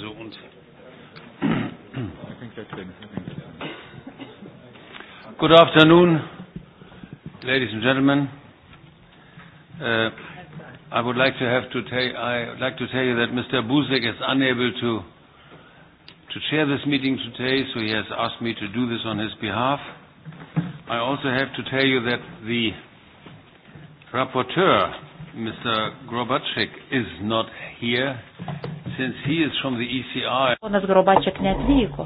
So und. Good afternoon, ladies and gentlemen. Uh, I would like to have to tell I would like to tell you that Mr. Buzek is unable to to chair this meeting today, so he has asked me to do this on his behalf. I also have to tell you that the rapporteur, Mr. Grobacek, is not here. E Ponas Grobačiak netvyko.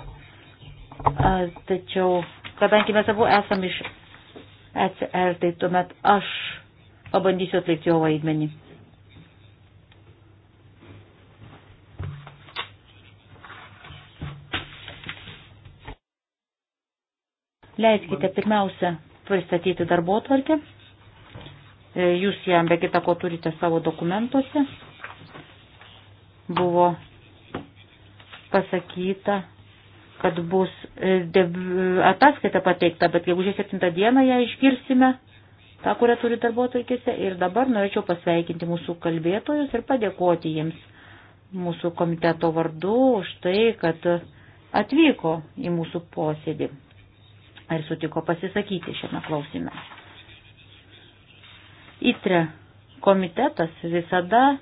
Tačiau, kadangi mes abu esam iš ECR, tai tuomet aš pabandysiu atlikti jo vaidmenį. Leiskite pirmiausia pristatyti darbo tvarkę. E, jūs ją be kita ko turite savo dokumentuose buvo pasakyta, kad bus e, ataskaita pateikta, bet gegužės 7 dieną ją išgirsime, tą, kurią turi darbuotojkėse. Ir dabar norėčiau pasveikinti mūsų kalbėtojus ir padėkoti jiems mūsų komiteto vardu už tai, kad atvyko į mūsų posėdį ir sutiko pasisakyti šiame klausime. ITRE komitetas visada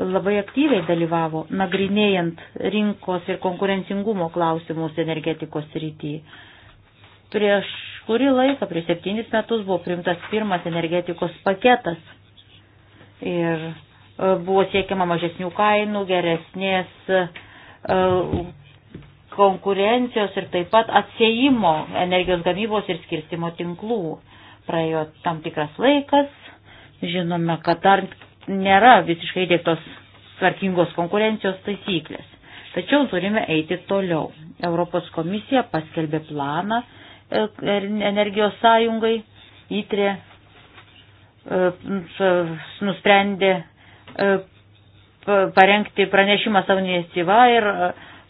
labai aktyviai dalyvavo nagrinėjant rinkos ir konkurencingumo klausimus energetikos srityje. Prieš kurį laiką, prieš septynis metus buvo primtas pirmas energetikos paketas ir e, buvo siekiama mažesnių kainų, geresnės e, konkurencijos ir taip pat atsėjimo energijos gamybos ir skirstimo tinklų. Praėjo tam tikras laikas, žinome, kad dar nėra visiškai įdėktos tvarkingos konkurencijos taisyklės. Tačiau turime eiti toliau. Europos komisija paskelbė planą e, er, energijos sąjungai, įtrė e, nusprendė e, parengti pranešimą savo iniciatyvą ir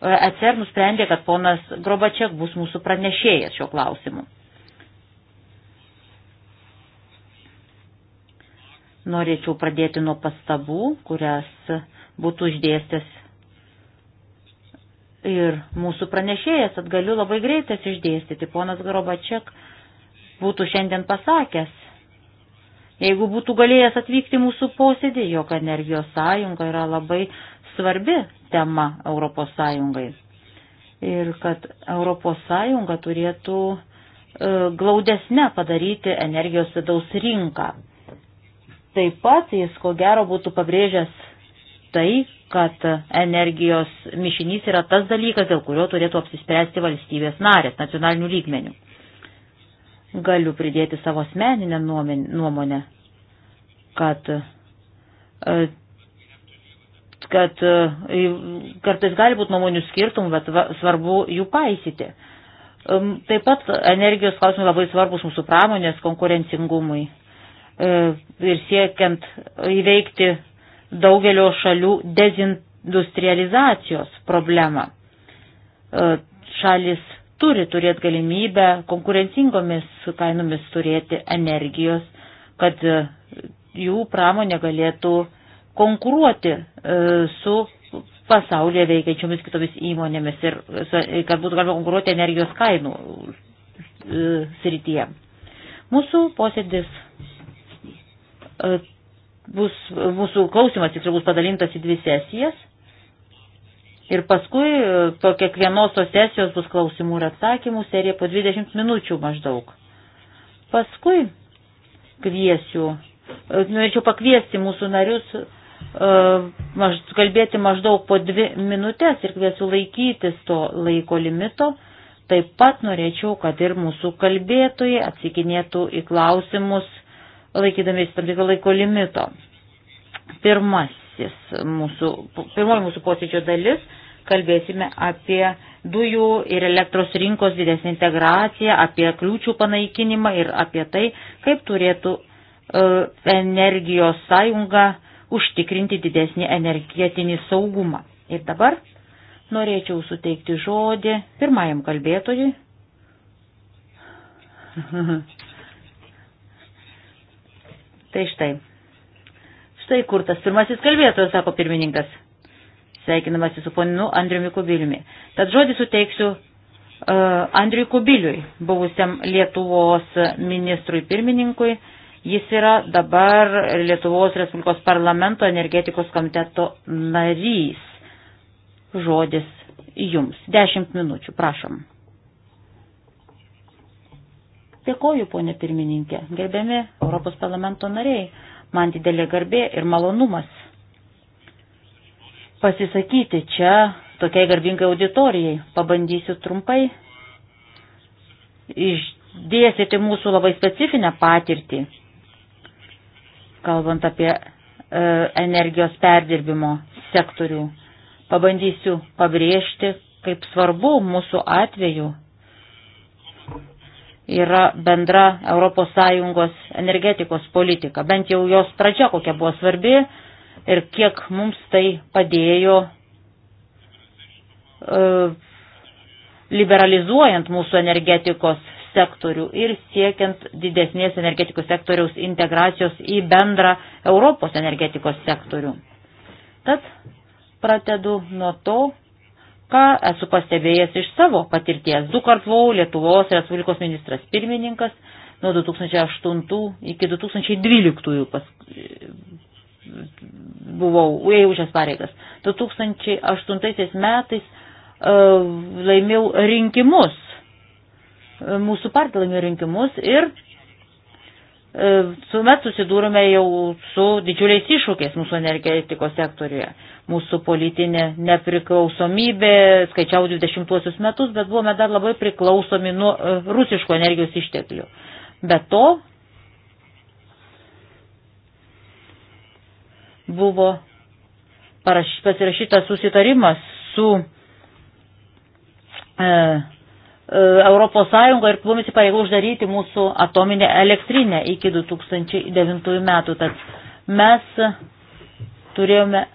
ECR nusprendė, kad ponas Grobačiak bus mūsų pranešėjas šio klausimu. Norėčiau pradėti nuo pastabų, kurias būtų išdėstęs ir mūsų pranešėjas, tad galiu labai greitas išdėstyti. Ponas Garobačiak būtų šiandien pasakęs, jeigu būtų galėjęs atvykti mūsų posėdį, jog energijos sąjunga yra labai svarbi tema Europos sąjungai. Ir kad Europos sąjunga turėtų e, glaudesnę padaryti energijos vidaus rinką Taip pat jis ko gero būtų pabrėžęs tai, kad energijos mišinys yra tas dalykas, dėl kurio turėtų apsispręsti valstybės narės nacionalinių lygmenių. Galiu pridėti savo asmeninę nuomonę, kad, e, kad e, kartais gali būti nuomonių skirtumų, bet svarbu jų paisyti. Taip pat energijos klausimai labai svarbus mūsų pramonės konkurencingumui E, ir siekiant įveikti daugelio šalių dezindustrializacijos problemą. E, šalis turi turėti galimybę konkurencingomis kainomis turėti energijos, kad e, jų pramonė galėtų konkuruoti su pasaulyje veikiančiomis kitomis įmonėmis ir kad būtų galima konkuruoti energijos kainų srityje. Mūsų posėdis E, bus, mūsų klausimas tiksliau bus padalintas į dvi sesijas. Ir paskui e, po kiekvienos tos sesijos bus klausimų ir atsakymų serija po 20 minučių maždaug. Paskui kviesiu, e, norėčiau pakviesti mūsų narius maž, kalbėti maždaug po dvi minutės ir kviesiu laikytis to laiko limito. Taip pat norėčiau, kad ir mūsų kalbėtojai atsakinėtų į klausimus laikydamės tam tikro laiko limito. Pirmasis mūsų, pirmoji mūsų posėdžio dalis kalbėsime apie dujų ir elektros rinkos didesnį integraciją, apie kliūčių panaikinimą ir apie tai, kaip turėtų uh, energijos sąjunga užtikrinti didesnį energetinį saugumą. Ir dabar norėčiau suteikti žodį pirmajam kalbėtojui. Tai štai. Štai kur tas pirmasis kalbėtojas, sako pirmininkas, sveikinamasi su poninu Andriumi Kubiliumi. Tad žodį suteiksiu uh, Andriui Kubiliui, buvusiam Lietuvos ministrui pirmininkui. Jis yra dabar Lietuvos Respublikos parlamento energetikos komiteto narys. Žodis jums. Dešimt minučių, prašom. Dėkoju, ponė pirmininkė, gerbiami Europos parlamento nariai, man didelė garbė ir malonumas pasisakyti čia tokiai garbingai auditorijai. Pabandysiu trumpai išdėsyti mūsų labai specifinę patirtį, kalbant apie e, energijos perdirbimo sektorių. Pabandysiu pabrėžti, kaip svarbu mūsų atveju yra bendra ES energetikos politika. Bent jau jos pradžia kokia buvo svarbi ir kiek mums tai padėjo e, liberalizuojant mūsų energetikos sektorių ir siekiant didesnės energetikos sektoriaus integracijos į bendrą Europos energetikos sektorių. Tad pratedu nuo to, ką esu pastebėjęs iš savo patirties. Du kart buvau Lietuvos Respublikos ministras pirmininkas nuo 2008 iki 2012 pas, buvau, ėjau šias pareigas. 2008 metais e, laimėjau rinkimus, e, mūsų partija laimėjo rinkimus ir Tuomet e, susidūrome jau su didžiuliais iššūkiais mūsų energetikos sektoriuje. Mūsų politinė nepriklausomybė, skaičiau 20-uosius metus, bet buvome dar labai priklausomi nuo e, rusiško energijos išteklių. Be to buvo paraš, pasirašytas susitarimas su e, E, Europos Sąjunga ir buvom įsipareigų uždaryti mūsų atominę elektrinę iki 2009 metų. Tad mes turėjome e,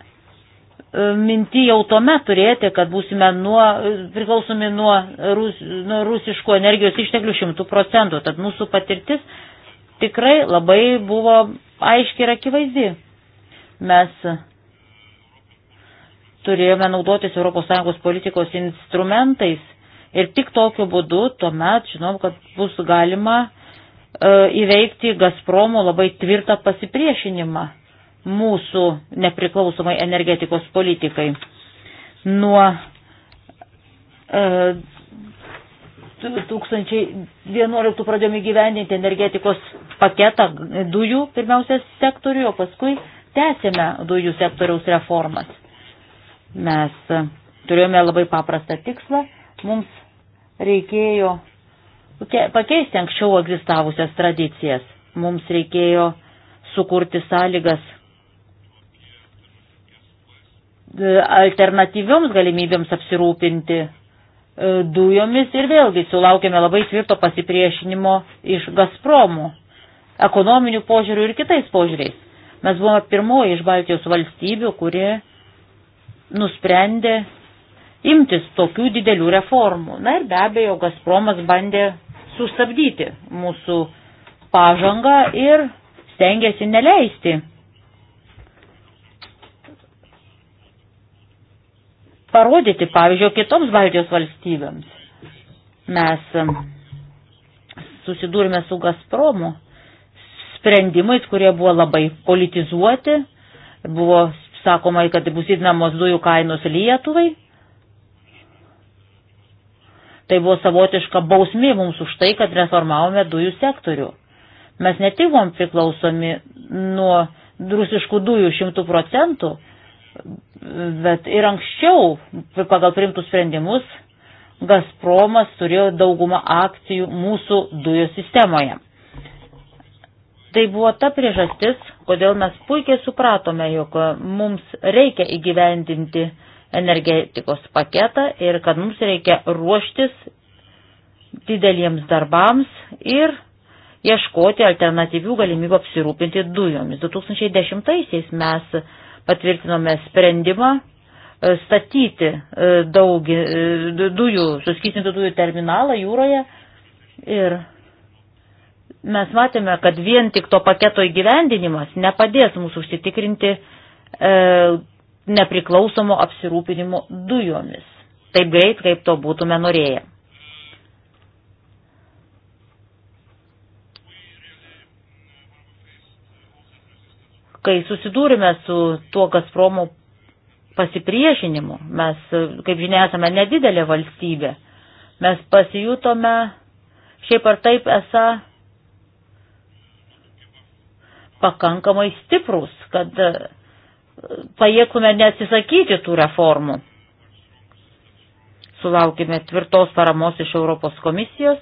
minti jau tuomet turėti, kad būsime nuo, priklausomi nuo, rus, nuo rusiškų energijos išteklių šimtų procentų. Tad mūsų patirtis tikrai labai buvo aiški ir akivaizdi. Mes turėjome naudotis ES politikos instrumentais Ir tik tokiu būdu tuomet žinom, kad bus galima e, įveikti Gazpromo labai tvirtą pasipriešinimą mūsų nepriklausomai energetikos politikai. Nuo e, 2011 pradėjome gyveninti energetikos paketą dujų pirmiausia sektoriuje, o paskui tęsėme dujų sektoriaus reformas. Mes e, turėjome labai paprastą tikslą mums reikėjo pakeisti anksčiau egzistavusias tradicijas. Mums reikėjo sukurti sąlygas e, alternatyvioms galimybėms apsirūpinti e, dujomis ir vėlgi sulaukėme labai tvirto pasipriešinimo iš Gazpromų, ekonominių požiūrių ir kitais požiūriais. Mes buvome pirmoji iš Baltijos valstybių, kuri nusprendė imtis tokių didelių reformų. Na ir be abejo, Gazpromas bandė sustabdyti mūsų pažangą ir stengiasi neleisti parodyti, pavyzdžiui, kitoms Baltijos valstybėms. Mes um, susidūrime su Gazpromu sprendimais, kurie buvo labai politizuoti, buvo sakoma, kad bus didinamos dujų kainos Lietuvai, Tai buvo savotiška bausmė mums už tai, kad reformavome dujų sektorių. Mes ne tik buvom priklausomi nuo rusiškų dujų šimtų procentų, bet ir anksčiau pagal primtus sprendimus Gazpromas turėjo daugumą akcijų mūsų dujų sistemoje. Tai buvo ta priežastis, kodėl mes puikiai supratome, jog mums reikia įgyvendinti uh, energetikos paketą ir kad mums reikia ruoštis dideliems darbams ir ieškoti alternatyvių galimybių apsirūpinti dujomis. 2010-aisiais mes patvirtinome sprendimą e, statyti e, daug e, dujų, suskystintų dujų terminalą jūroje ir mes matėme, kad vien tik to paketo įgyvendinimas nepadės mūsų užsitikrinti e, nepriklausomo apsirūpinimo dujomis. Taip greit, kaip to būtume norėję. Kai susidūrime su tuo Gazpromo pasipriešinimu, mes, kaip žinia, esame nedidelė valstybė, mes pasijutome šiaip ar taip esą pakankamai stiprus, kad pajėgtume neatsisakyti tų reformų. Sulaukime tvirtos paramos iš Europos komisijos.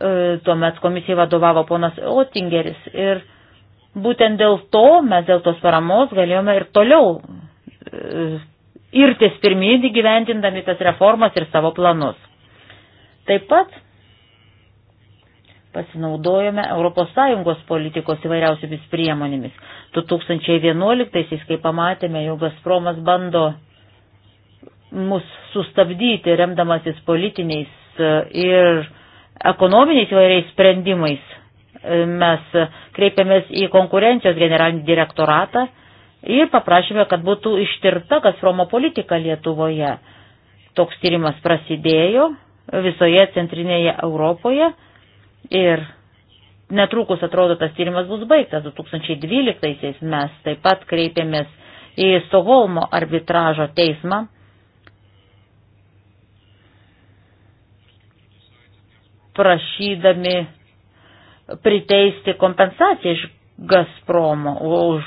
E, tuomet komisijai vadovavo ponas Otingeris ir būtent dėl to mes dėl tos paramos galėjome ir toliau e, irtis pirmyn įgyvendindami tas reformas ir savo planus. Taip pat pasinaudojome ES politikos įvairiausiamis priemonėmis. 2011-aisiais, kai pamatėme, jog Gazpromas bando mus sustabdyti, remdamasis politiniais e, ir ekonominiais įvairiais sprendimais, e, mes kreipėmės į konkurencijos generalinį direktoratą ir paprašėme, kad būtų ištirta Gazpromo politika Lietuvoje. Toks tyrimas prasidėjo visoje centrinėje Europoje Ir netrukus, atrodo, tas tyrimas bus baigtas. 2012 mes taip pat kreipėmės į Stoholmo arbitražo teismą. prašydami priteisti kompensaciją iš Gazpromo, už,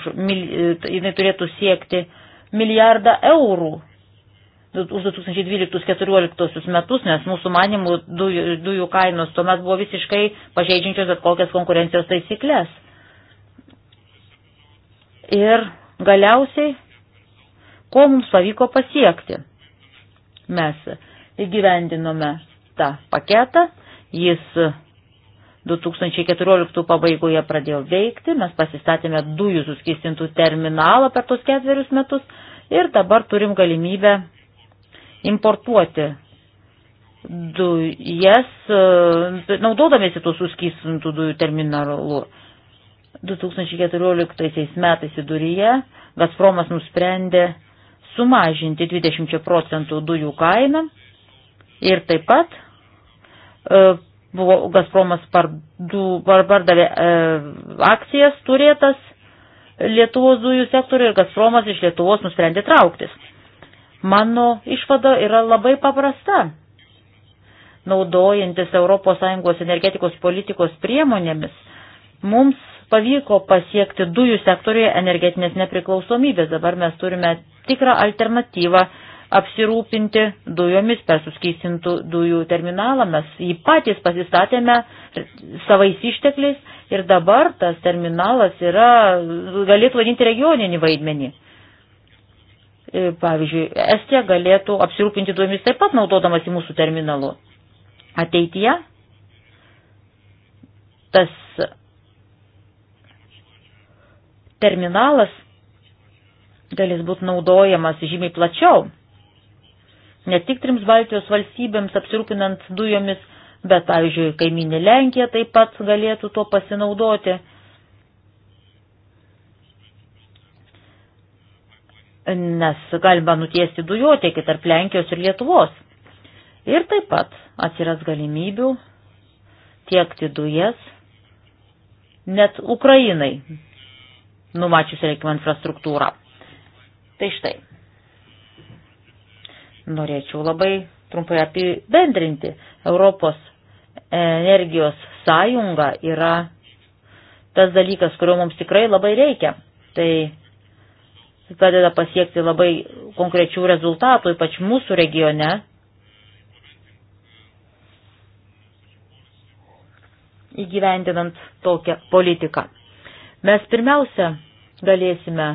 jinai turėtų siekti milijardą eurų už 2012-2014 metus, nes mūsų manimų dujų, dujų kainos tuomet buvo visiškai pažeidžiančios bet kokias konkurencijos taisyklės. Ir galiausiai, ko mums pavyko pasiekti? Mes įgyvendinome tą paketą, jis 2014 pabaigoje pradėjo veikti, mes pasistatėme dujų suskistintų terminalą per tos ketverius metus ir dabar turim galimybę importuoti dujas, e, naudodamėsi tuos suskystintų dujų terminalu. 2014 metais viduryje Gazpromas nusprendė sumažinti 20 procentų dujų kainą ir taip pat e, buvo Gazpromas pardu, pardavė e, akcijas turėtas Lietuvos dujų sektoriui ir Gazpromas iš Lietuvos nusprendė trauktis. Mano išvada yra labai paprasta. Naudojantis ES energetikos politikos priemonėmis, mums pavyko pasiekti dujų sektoriuje energetinės nepriklausomybės. Dabar mes turime tikrą alternatyvą apsirūpinti dujomis per suskystintų dujų terminalą. Mes jį patys pasistatėme savais ištekliais ir dabar tas terminalas yra, galėtų vadinti regioninį vaidmenį. E, pavyzdžiui, Estija galėtų apsirūpinti duomis taip pat naudodamas į mūsų terminalu. Ateityje tas terminalas galės būti naudojamas žymiai plačiau, ne tik trims Baltijos valstybėms apsirūpinant dujomis, bet, pavyzdžiui, kaiminė Lenkija taip pat galėtų tuo pasinaudoti nes galima nutiesti dujotiekį tarp Lenkijos ir Lietuvos. Ir taip pat atsiras galimybių tiekti dujas net Ukrainai, numačius reikimą infrastruktūrą. Tai štai. Norėčiau labai trumpai apibendrinti. Europos energijos sąjunga yra tas dalykas, kurio mums tikrai labai reikia. Tai padeda pasiekti labai konkrečių rezultatų, ypač mūsų regione. Įgyvendinant tokią politiką. Mes pirmiausia galėsime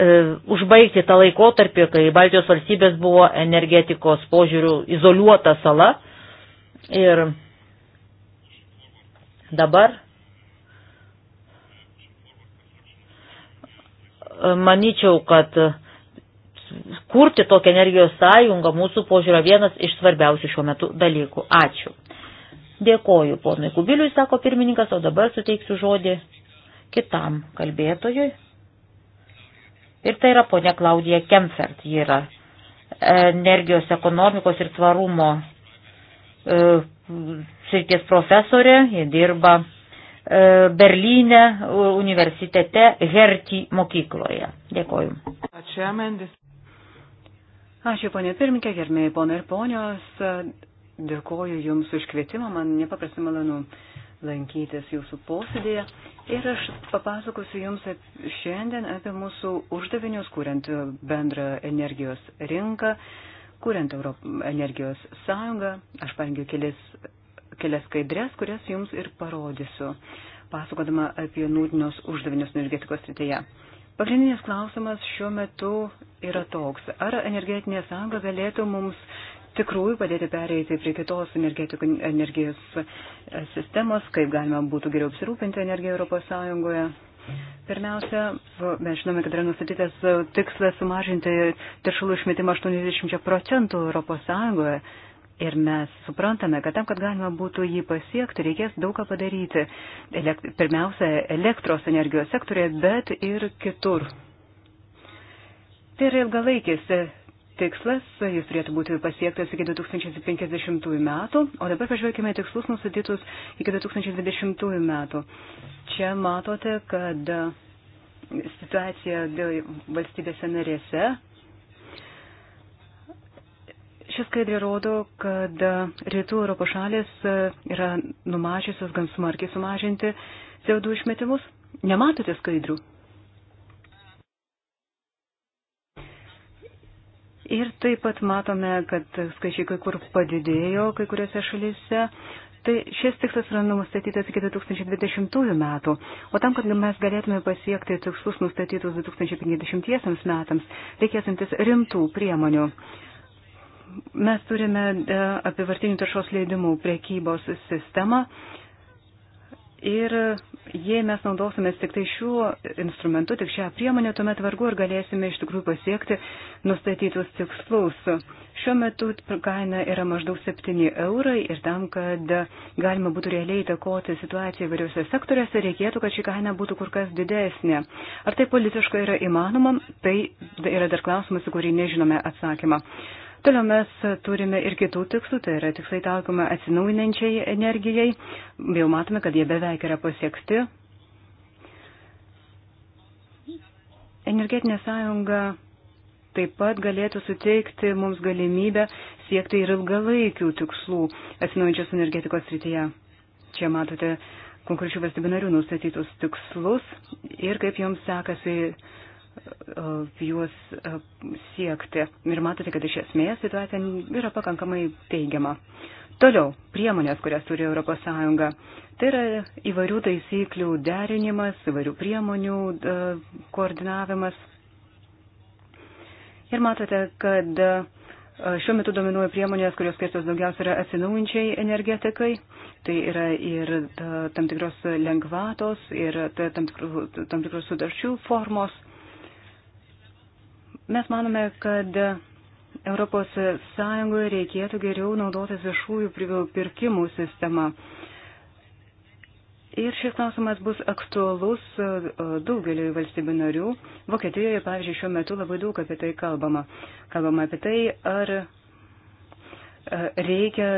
e, užbaigti tą laikotarpį, kai Baltijos valstybės buvo energetikos požiūrių izoliuota sala. Ir dabar manyčiau, kad kurti tokią energijos sąjungą mūsų požiūrė vienas iš svarbiausių šiuo metu dalykų. Ačiū. Dėkoju ponui Kubiliui, sako pirmininkas, o dabar suteiksiu žodį kitam kalbėtojui. Ir tai yra ponia Klaudija Kemfert, ji yra e, energijos ekonomikos ir tvarumo e, srities profesorė, ji dirba E, Berlyne universitete Herti mokykloje. Dėkoju. Ačiū, ponė pirmininkė, gerbėjai ponai ir ponios. Dėkoju Jums už kvietimą, man nepaprastai malonu lankytis Jūsų posėdėje. Ir aš papasakosiu Jums šiandien apie mūsų uždavinius, kuriant bendrą energijos rinką, kuriant Europ energijos sąjungą. Aš parengiau kelis kelias skaidrės, kurias jums ir parodysiu, pasakodama apie nūtinius uždavinius energetikos srityje. Pagrindinės klausimas šiuo metu yra toks, ar energetinė sąjunga galėtų mums tikrųjų padėti pereiti prie kitos energijos sistemos, kaip galima būtų geriau apsirūpinti energiją Europos Sąjungoje. Pirmiausia, mes žinome, kad yra nustatytas tikslas sumažinti teršalų išmetimą 80 procentų Europos Sąjungoje Ir mes suprantame, kad tam, kad galima būtų jį pasiekti, reikės daug ką padaryti. Elekt, pirmiausia, elektros energijos sektorėje, bet ir kitur. Tai yra ilgalaikis tikslas, jis turėtų būti pasiektas iki 2050 metų, o dabar pažvelkime tikslus nustatytus iki 2020 metų. Čia matote, kad situacija valstybėse narėse Šis skaidrė rodo, kad rytų Europos šalis e, yra numačiusios gan smarkiai sumažinti CO2 išmetimus. Nematote skaidrių? Ir taip pat matome, kad skaičiai kai kur padidėjo kai kuriuose šalyse. Tai šis tikslas yra nustatytas iki 2020 metų, o tam, kad mes galėtume pasiekti tikslus nustatytus 2050 metams, reikės imtis rimtų priemonių. Mes turime e, apivartinių taršos leidimų priekybos sistemą ir jei mes naudosimės tik tai šiuo instrumentu, tik šią priemonę, tuomet vargu ar galėsime iš tikrųjų pasiekti nustatytus tikslus. Šiuo metu kaina yra maždaug 7 eurai ir tam, kad galima būtų realiai įtakoti situaciją įvairiuose sektoriuose, reikėtų, kad ši kaina būtų kur kas didesnė. Ar tai politiškai yra įmanoma, tai yra dar klausimas, į kurį nežinome atsakymą. Toliau mes turime ir kitų tikslų, tai yra tikslai taikoma atsinaujinančiai energijai. Jau matome, kad jie beveik yra pasiekti. Energetinė sąjunga taip pat galėtų suteikti mums galimybę siekti ir ilgalaikių tikslų atsinaujančios energetikos srityje. Čia matote konkrečių valstybių narių nustatytus tikslus ir kaip joms sekasi E, juos e, siekti. Ir matote, kad iš esmės situacija yra pakankamai teigiama. Toliau, priemonės, kurias turi ES. Tai yra įvairių taisyklių derinimas, įvairių priemonių e, koordinavimas. Ir matote, kad Šiuo metu dominuoja priemonės, kurios skirtos daugiausia yra atsinaujančiai energetikai. Tai yra ir tam tikros lengvatos, ir tam tikrų, tam tikrų sudarčių formos. Mes manome, kad Europos Sąjungoje reikėtų geriau naudotis viešųjų pirkimų sistema. Ir šis klausimas bus aktualus e, e, daugeliu valstybių narių. Vokietijoje, pavyzdžiui, šiuo metu labai daug apie tai kalbama. Kalbama apie tai, ar e, reikia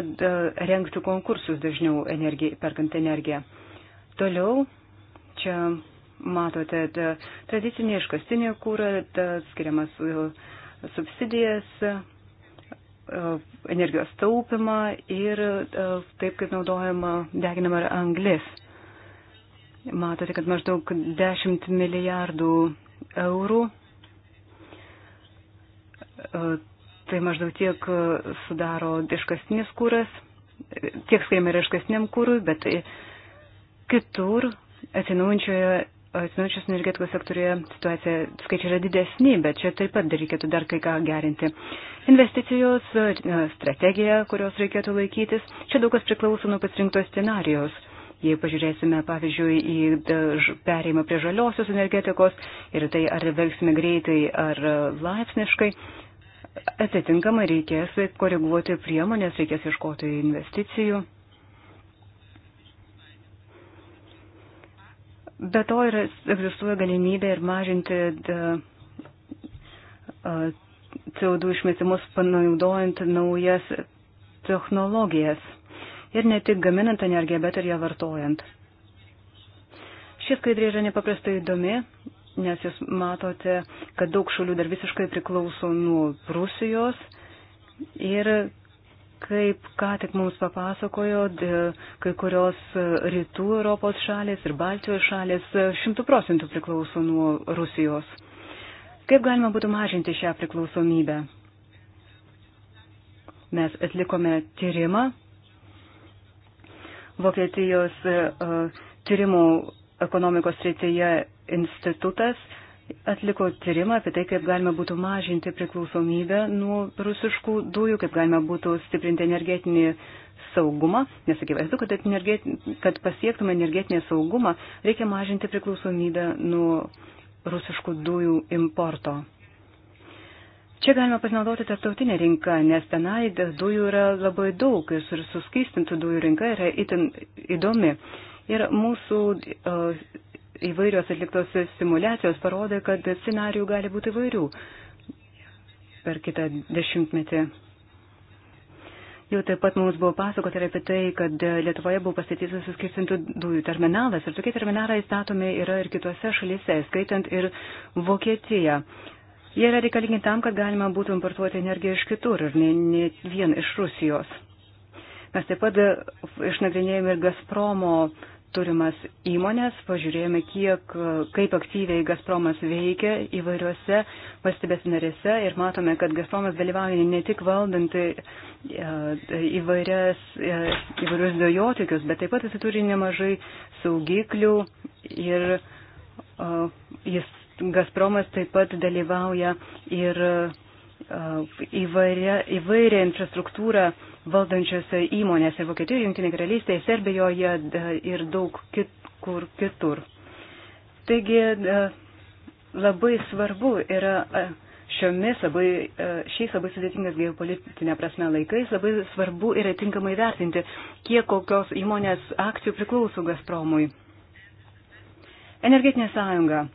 renkti konkursus dažniau energijai, perkant energiją. Toliau čia matote tradicinį iškastinį kūrą, skiriamas e, subsidijas, e, energijos taupimą ir e, taip, kaip naudojama deginama anglis. Matote, kad maždaug 10 milijardų eurų. Tai maždaug tiek sudaro iškastinis kūras, tiek skiriama ir iškastiniam kūrui, bet kitur atsinaujančioje atsinaujančios energetikos sektorėje situacija skaičiai yra didesni, bet čia taip pat reikėtų dar kai ką gerinti. Investicijos, strategija, kurios reikėtų laikytis, čia daug kas priklauso nuo pasirinktos scenarijos. Jei pažiūrėsime, pavyzdžiui, į perėjimą prie žaliosios energetikos ir tai ar veiksime greitai ar e, laipsniškai, atitinkamai reikės koreguoti priemonės, reikės ieškoti investicijų. Be to ir egzistuoja galimybė ir mažinti CO2 išmetimus panaudojant naujas technologijas. Ir ne tik gaminant energiją, bet ir ją vartojant. Šis skaidrė yra nepaprastai įdomi, nes jūs matote, kad daug šalių dar visiškai priklauso nuo Rusijos ir Kaip ką tik mums papasakojo, kai kurios rytų Europos šalės ir Baltijos šalės šimtų procentų priklauso nuo Rusijos. Kaip galima būtų mažinti šią priklausomybę? Mes atlikome tyrimą. Vokietijos e, e, tyrimų ekonomikos srityje institutas atliko tyrimą apie tai, kaip galima būtų mažinti priklausomybę nuo rusiškų dujų, kaip galima būtų stiprinti energetinį saugumą, nes akivaizdu, kad, energet, kad pasiektume energetinį saugumą, reikia mažinti priklausomybę nuo rusiškų dujų importo. Čia galima pasinaudoti tarptautinę rinką, nes tenai dujų yra labai daug ir suskystintų dujų rinka yra itin įdomi. Ir mūsų uh, įvairios atliktos simulacijos parodė, kad scenarių gali būti įvairių per kitą dešimtmetį. Jau taip pat mums buvo pasakota ir apie tai, kad Lietuvoje buvo pastatytas suskirtintų dujų terminalas ir tokie terminalai statomi yra ir kitose šalyse, skaitant ir Vokietiją. Jie yra reikalingi tam, kad galima būtų importuoti energiją iš kitur ir ne, ne vien iš Rusijos. Mes taip pat išnagrinėjome ir Gazpromo uh, turimas įmonės, pažiūrėjome, kiek, kaip aktyviai Gazpromas veikia įvairiuose valstybės narėse ir matome, kad Gazpromas dalyvauja ne tik valdant e, e, įvairias, e, įvairius dujotikius, bet taip pat jis turi nemažai saugiklių ir jis, Gazpromas taip pat dalyvauja ir įvairia, įvairia infrastruktūra valdančiose įmonėse Vokietijoje, Junktinė karalystė, Serbijoje ir daug kit, kur kitur. Taigi e, labai svarbu yra e, šiomis labai, e, šiais labai sudėtingas geopolitinė prasme laikais labai svarbu yra tinkamai vertinti, kiek kokios įmonės akcijų priklauso Gazpromui. Energetinė sąjunga.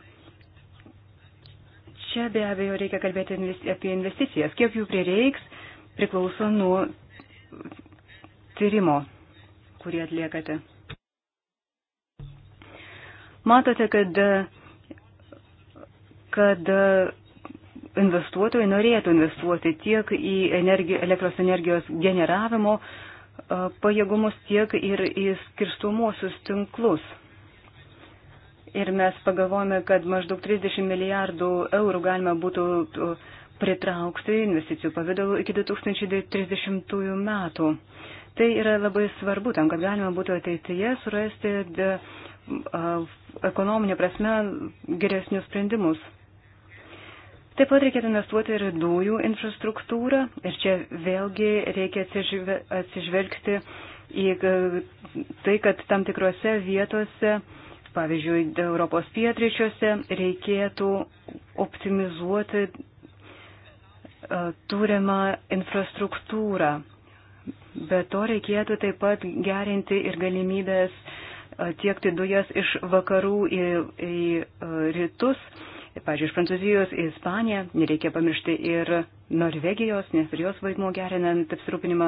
Čia be abejo reikia kalbėti investi apie investicijas. Kiek jų prireiks, priklauso nuo tyrimo, kurį atliekate. Matote, kad, kad investuotojai norėtų investuoti tiek į energi, elektros energijos generavimo pajėgumus, tiek ir į skirstumuosius tinklus. Ir mes pagalvojame, kad maždaug 30 milijardų eurų galima būtų uh, pritraukti investicijų pavydalų iki 2030 metų. Tai yra labai svarbu tam, kad galima būtų ateityje surasti de, ekonominė prasme geresnius sprendimus. Taip pat reikėtų investuoti ir dujų infrastruktūrą ir čia vėlgi reikia atsižvelgti į e, tai, kad tam tikrose vietose, pavyzdžiui, Europos pietryčiuose reikėtų optimizuoti E, turimą infrastruktūrą. Be to reikėtų taip pat gerinti ir galimybės e, tiekti dujas iš vakarų į, į e, rytus, pažiūrėjau, iš Prancūzijos į Ispaniją, nereikia pamiršti ir Norvegijos, nes ir jos vaidmuo gerinant apsirūpinimą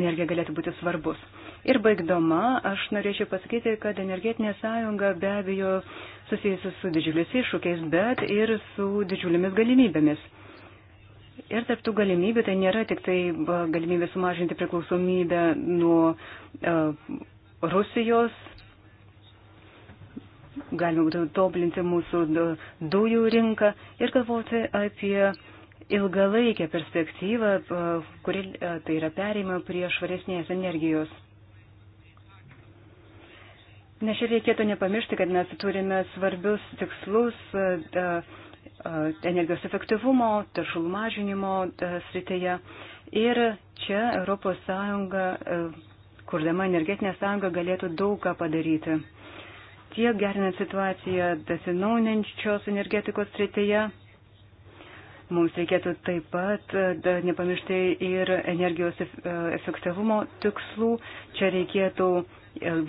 energiją galėtų būti svarbus. Ir baigdoma, aš norėčiau pasakyti, kad energetinė sąjunga be abejo susijusi su didžiuliais iššūkiais, bet ir su didžiulėmis galimybėmis. Ir tarptų galimybių tai nėra tik tai galimybė sumažinti priklausomybę nuo uh, Rusijos, galima būtų tobulinti mūsų dujų rinką ir galvoti apie ilgalaikę perspektyvą, e, kuri e, tai yra perima prie švaresnės energijos. Nes čia reikėtų nepamiršti, kad mes turime svarbius tikslus energijos efektyvumo, taršų mažinimo srityje. Ir čia ES, kurdama energetinę sąjungą, galėtų daug ką padaryti. Tiek gerinant situaciją desinauninčios energetikos srityje, mums reikėtų taip pat nepamiršti ir energijos efektyvumo tikslų. Čia reikėtų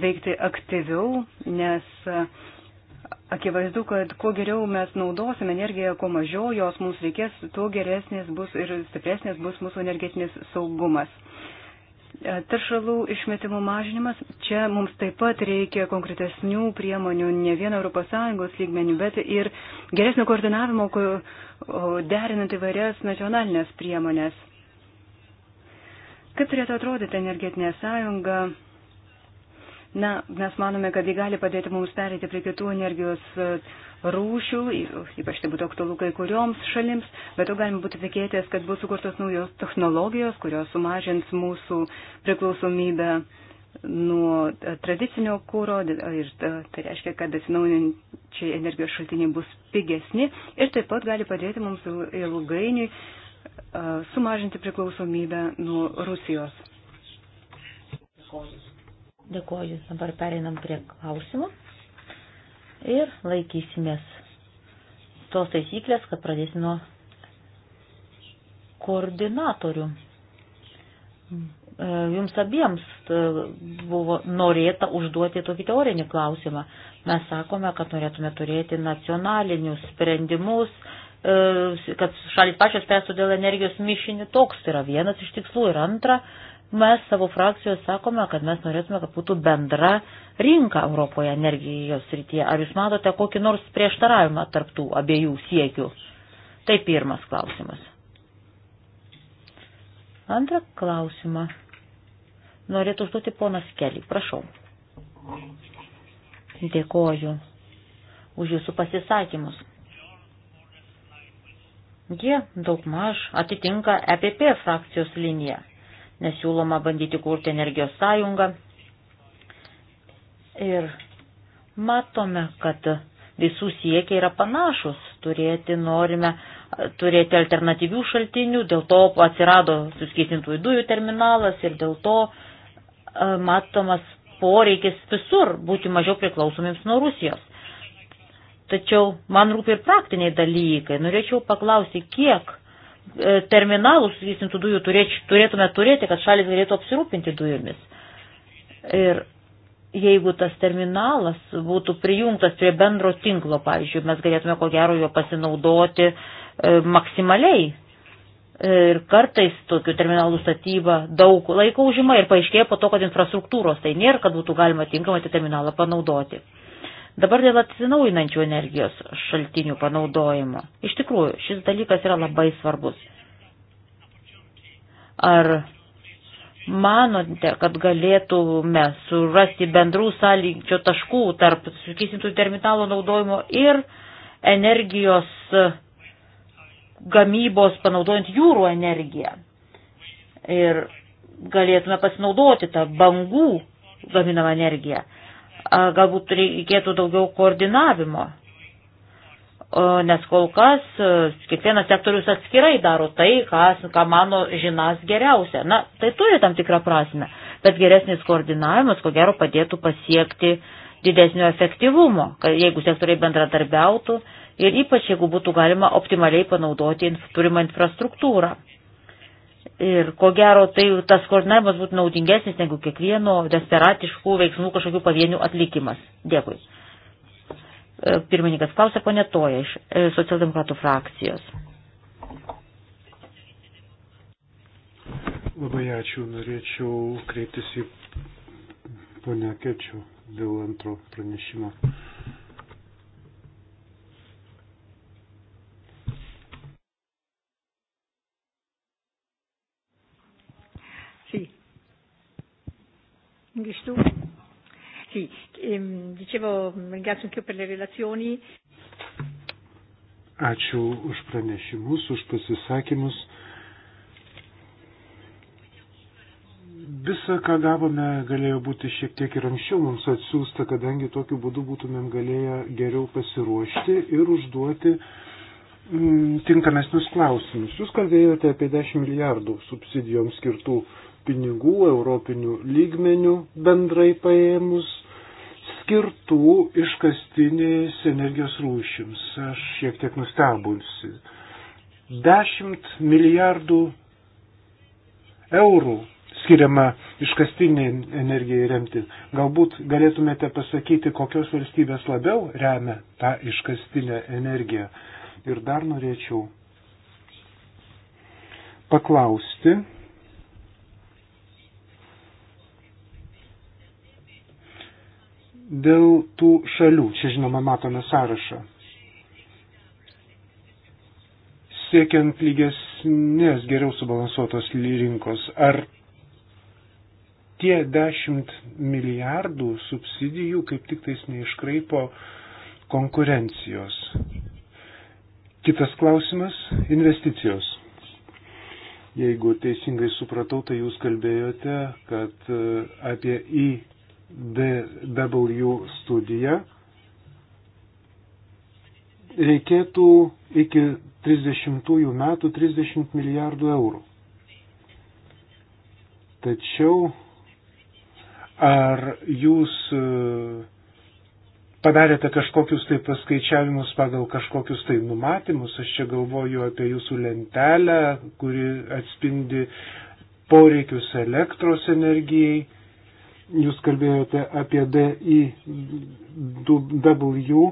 veikti aktyviau, nes akivaizdu, kad kuo geriau mes naudosim energiją, kuo mažiau jos mums reikės, tuo geresnis bus ir stipresnis bus mūsų energetinis saugumas. E, Taršalų išmetimų mažinimas. Čia mums taip pat reikia konkretesnių priemonių, ne vien ES lygmenių, bet ir geresnio koordinavimo, derinant įvairias nacionalinės priemonės. Kaip turėtų atrodyti energetinė sąjunga? Na, mes manome, kad jį gali padėti mums perėti prie kitų energijos e, rūšių, ypač tai būtų aktualu kai kurioms šalims, bet to galima būtų tikėtis, kad bus sukurtos naujos technologijos, kurios sumažins mūsų priklausomybę nuo e, tradicinio kūro e, ir tai reiškia, kad atsinaujinančiai energijos šaltiniai bus pigesni ir taip pat gali padėti mums ilgainiui sumažinti priklausomybę nuo Rusijos. Dėkoju. Dėkoju. Dabar pereinam prie klausimų ir laikysimės tos taisyklės, kad pradėsim nuo koordinatorių. Jums abiems e, buvo norėta užduoti tokį teorinį klausimą. Mes sakome, kad norėtume turėti nacionalinius sprendimus, e, kad šalis pačios spręstų dėl energijos mišinių. Toks yra vienas iš tikslų. Ir antra, Mes savo frakcijos sakome, kad mes norėtume, kad būtų bendra rinka Europoje energijos rytyje. Ar jūs matote kokį nors prieštaravimą tarptų abiejų siekių? Tai pirmas klausimas. Antrą klausimą norėtų užduoti ponas Kelį. Prašau. Dėkoju už jūsų pasisakymus. Jie daugmaž atitinka EPP frakcijos liniją nes siūloma bandyti kurti energijos sąjungą. Ir matome, kad visų siekiai yra panašus. Turėti norime turėti alternatyvių šaltinių, dėl to atsirado suskysintųjų dujų terminalas ir dėl to e, matomas poreikis visur būti mažiau priklausomiems nuo Rusijos. Tačiau man rūpi ir praktiniai dalykai. Norėčiau paklausti, kiek E, terminalus vysintų dujų turėtume turėti, kad šalis galėtų apsirūpinti dujomis. Ir jeigu tas terminalas būtų prijungtas prie bendro tinklo, pavyzdžiui, mes galėtume ko gero jo pasinaudoti e, maksimaliai. Ir kartais tokių terminalų statyba daug laiko užima ir paaiškėja po to, kad infrastruktūros tai nėra, kad būtų galima tinkamai tą terminalą panaudoti. Dabar dėl atsinaujinančių energijos šaltinių panaudojimo. Iš tikrųjų, šis dalykas yra labai svarbus. Ar manote, kad galėtume surasti bendrų sąlygčio taškų tarp sukisintų terminalo naudojimo ir energijos gamybos panaudojant jūrų energiją. Ir galėtume pasinaudoti tą bangų gaminamą energiją galbūt reikėtų daugiau koordinavimo, nes kol kas kiekvienas sektorius atskirai daro tai, kas, ką mano žinas geriausia. Na, tai turi tam tikrą prasme, bet geresnis koordinavimas, ko gero, padėtų pasiekti didesnio efektyvumo, jeigu sektoriai bendradarbiautų ir ypač jeigu būtų galima optimaliai panaudoti turimą infrastruktūrą. Ir ko gero, tai tas koordinavimas būtų naudingesnis negu kiekvieno desperatiškų veiksmų kažkokių pavienių atlikimas. Dėkui. E, pirmininkas klausė ponė Toja iš e, socialdemokratų frakcijos. Labai ačiū. Norėčiau kreiptis į ponę Kečių dėl antro pranešimo. Ghistu? Sì, ehm, dicevo, ringrazio anch'io per le relazioni. Ačiū už pranešimus, už pasisakymus. Visa, ką gavome, galėjo būti šiek tiek ir anksčiau mums atsiųsta, kadangi tokiu būdu būtumėm galėję geriau pasiruošti ir užduoti mm, tinkamesnius klausimus. Jūs kalbėjote apie 10 milijardų subsidijoms skirtų pinigų europinių lygmenių bendrai paėmus skirtų iškastinės energijos rūšims. Aš šiek tiek nustebusi. 10 milijardų eurų skiriama iškastinė energijai remti. Galbūt galėtumėte pasakyti, kokios valstybės labiau remia tą iškastinę energiją. Ir dar norėčiau paklausti, Dėl tų šalių, čia žinoma matome sąrašą. Siekiant lygesnės, geriau subalansuotos rinkos, ar tie 10 milijardų subsidijų kaip tik tais neiškraipo konkurencijos. Kitas klausimas - investicijos. Jeigu teisingai supratau, tai jūs kalbėjote, kad e, apie į DW studiją, reikėtų iki 30 metų 30 milijardų eurų. Tačiau ar jūs e, padarėte kažkokius tai paskaičiavimus pagal kažkokius tai numatymus, aš čia galvoju apie jūsų lentelę, kuri atspindi poreikius elektros energijai Jūs kalbėjote apie DIW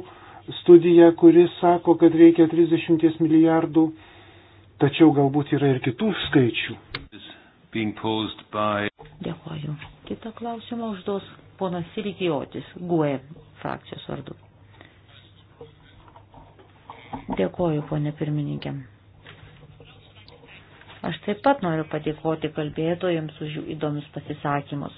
studiją, kuris sako, kad reikia 30 milijardų, tačiau galbūt yra ir kitų skaičių. By... Dėkoju. Kita klausimą užduos ponas Sirikijotis, GUE frakcijos vardu. Dėkoju, ponė pirmininkė. Aš taip pat noriu padėkoti kalbėtojams už jų įdomius pasisakymus.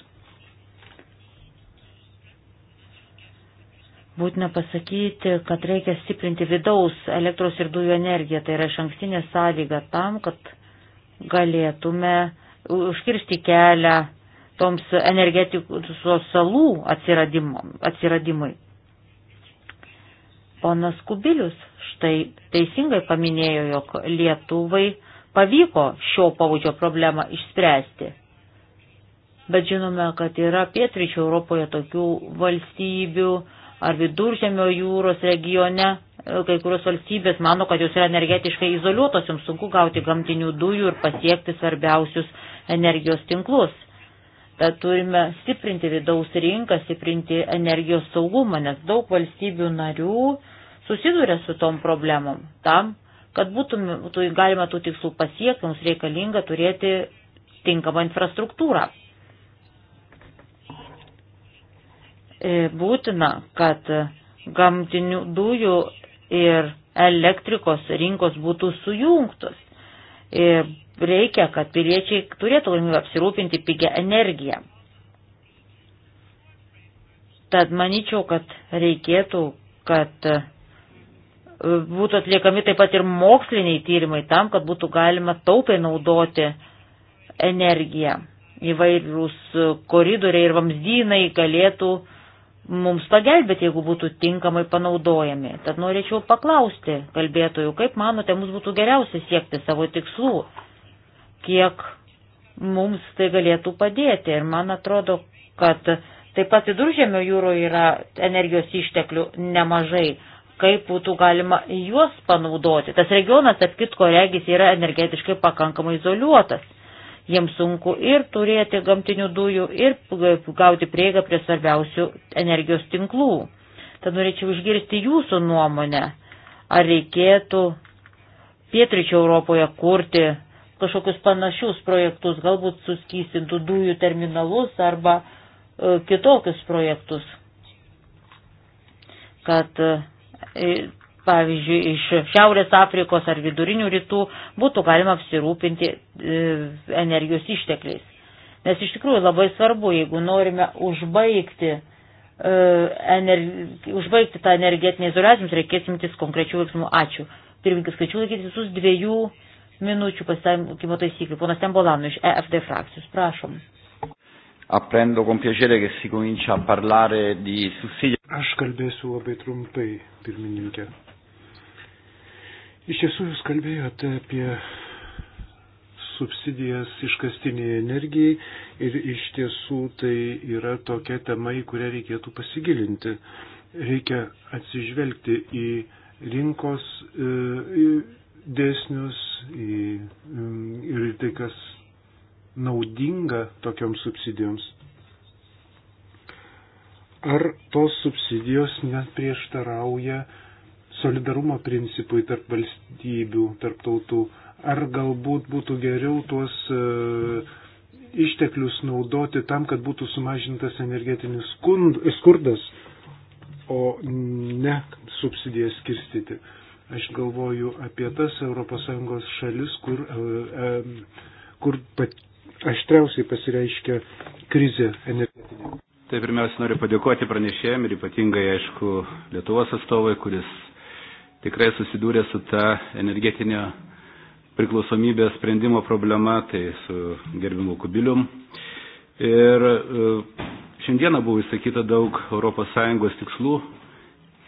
Būtina pasakyti, kad reikia stiprinti vidaus elektros ir dujų energiją, tai yra šankstinė sąlyga tam, kad galėtume užkirsti kelią toms energetikos salų atsiradimui. Ponas Kubilius štai teisingai paminėjo, jog Lietuvai pavyko šio pavudžio problemą išspręsti. Bet žinome, kad yra pietryčio Europoje tokių valstybių, ar viduržėmio jūros regione e, kai kurios valstybės mano, kad jos yra energetiškai izoliuotos, jums sunku gauti gamtinių dujų ir pasiekti svarbiausius energijos tinklus. Tad turime stiprinti vidaus rinką, stiprinti energijos saugumą, nes daug valstybių narių susiduria su tom problemom. Tam, kad būtum, tu, galima tų tikslų pasiekti, mums reikalinga turėti tinkamą infrastruktūrą. E, būtina, kad gamtinių dujų ir elektrikos rinkos būtų sujungtos. Ir e, reikia, kad piliečiai turėtų galimybę apsirūpinti pigią energiją. Tad manyčiau, kad reikėtų, kad e, būtų atliekami taip pat ir moksliniai tyrimai tam, kad būtų galima taupiai naudoti energiją. Įvairūs koridoriai ir vamzdynai galėtų uh, mums pagelbėti, jeigu būtų tinkamai panaudojami. Tad norėčiau paklausti kalbėtojų, kaip manote, mums būtų geriausia siekti savo tikslų, kiek mums tai galėtų padėti. Ir man atrodo, kad taip pat viduržėmio jūroje yra energijos išteklių nemažai kaip būtų galima juos panaudoti. Tas regionas, atskitko regis, yra energetiškai pakankamai izoliuotas jiems sunku ir turėti gamtinių dujų, ir gauti prieigą prie svarbiausių energijos tinklų. Tad norėčiau išgirsti jūsų nuomonę, ar reikėtų pietričio Europoje kurti kažkokius panašius projektus, galbūt suskystintų dujų terminalus arba e, kitokius projektus, kad e, pavyzdžiui, iš Šiaurės Afrikos ar vidurinių rytų būtų galima apsirūpinti e, energijos ištekliais. Nes iš tikrųjų labai svarbu, jeigu norime užbaigti, e, energi, užbaigti tą energetinį izoliaciją, mums reikės imtis konkrečių veiksmų. Ačiū. Pirmininkas, kviečiu laikyti visus dviejų minučių pasisakymo taisyklių. Ponas Tembolanu iš EFD frakcijos, prašom. Apprendo con piacere che si comincia a parlare di sussidio. Aš kalbėsiu labai trumpai, pirmininkė. Iš tiesų jūs kalbėjote apie subsidijas iškastiniai energijai ir iš tiesų tai yra tokia tema, į kurią reikėtų pasigilinti. Reikia atsižvelgti į rinkos e, į dėsnius į, mm, ir į tai, kas naudinga tokioms subsidijoms. Ar tos subsidijos neprieštarauja uh, solidarumo principui tarp valstybių, tarp tautų. Ar galbūt būtų geriau tuos e, išteklius naudoti tam, kad būtų sumažintas energetinis skurdas, o ne subsidijas skirstyti. Aš galvoju apie tas ES šalis, kur, e, e, kur pat, aštriausiai pasireiškia krizė energetinė. Tai pirmiausia, noriu padėkoti pranešėjim ir ypatingai, aišku, Lietuvos atstovai, kuris tikrai susidūrė su ta energetinio priklausomybės sprendimo problema, tai su gerbimu Kubilium. Ir e, šiandieną buvo įsakyta daug ES tikslų,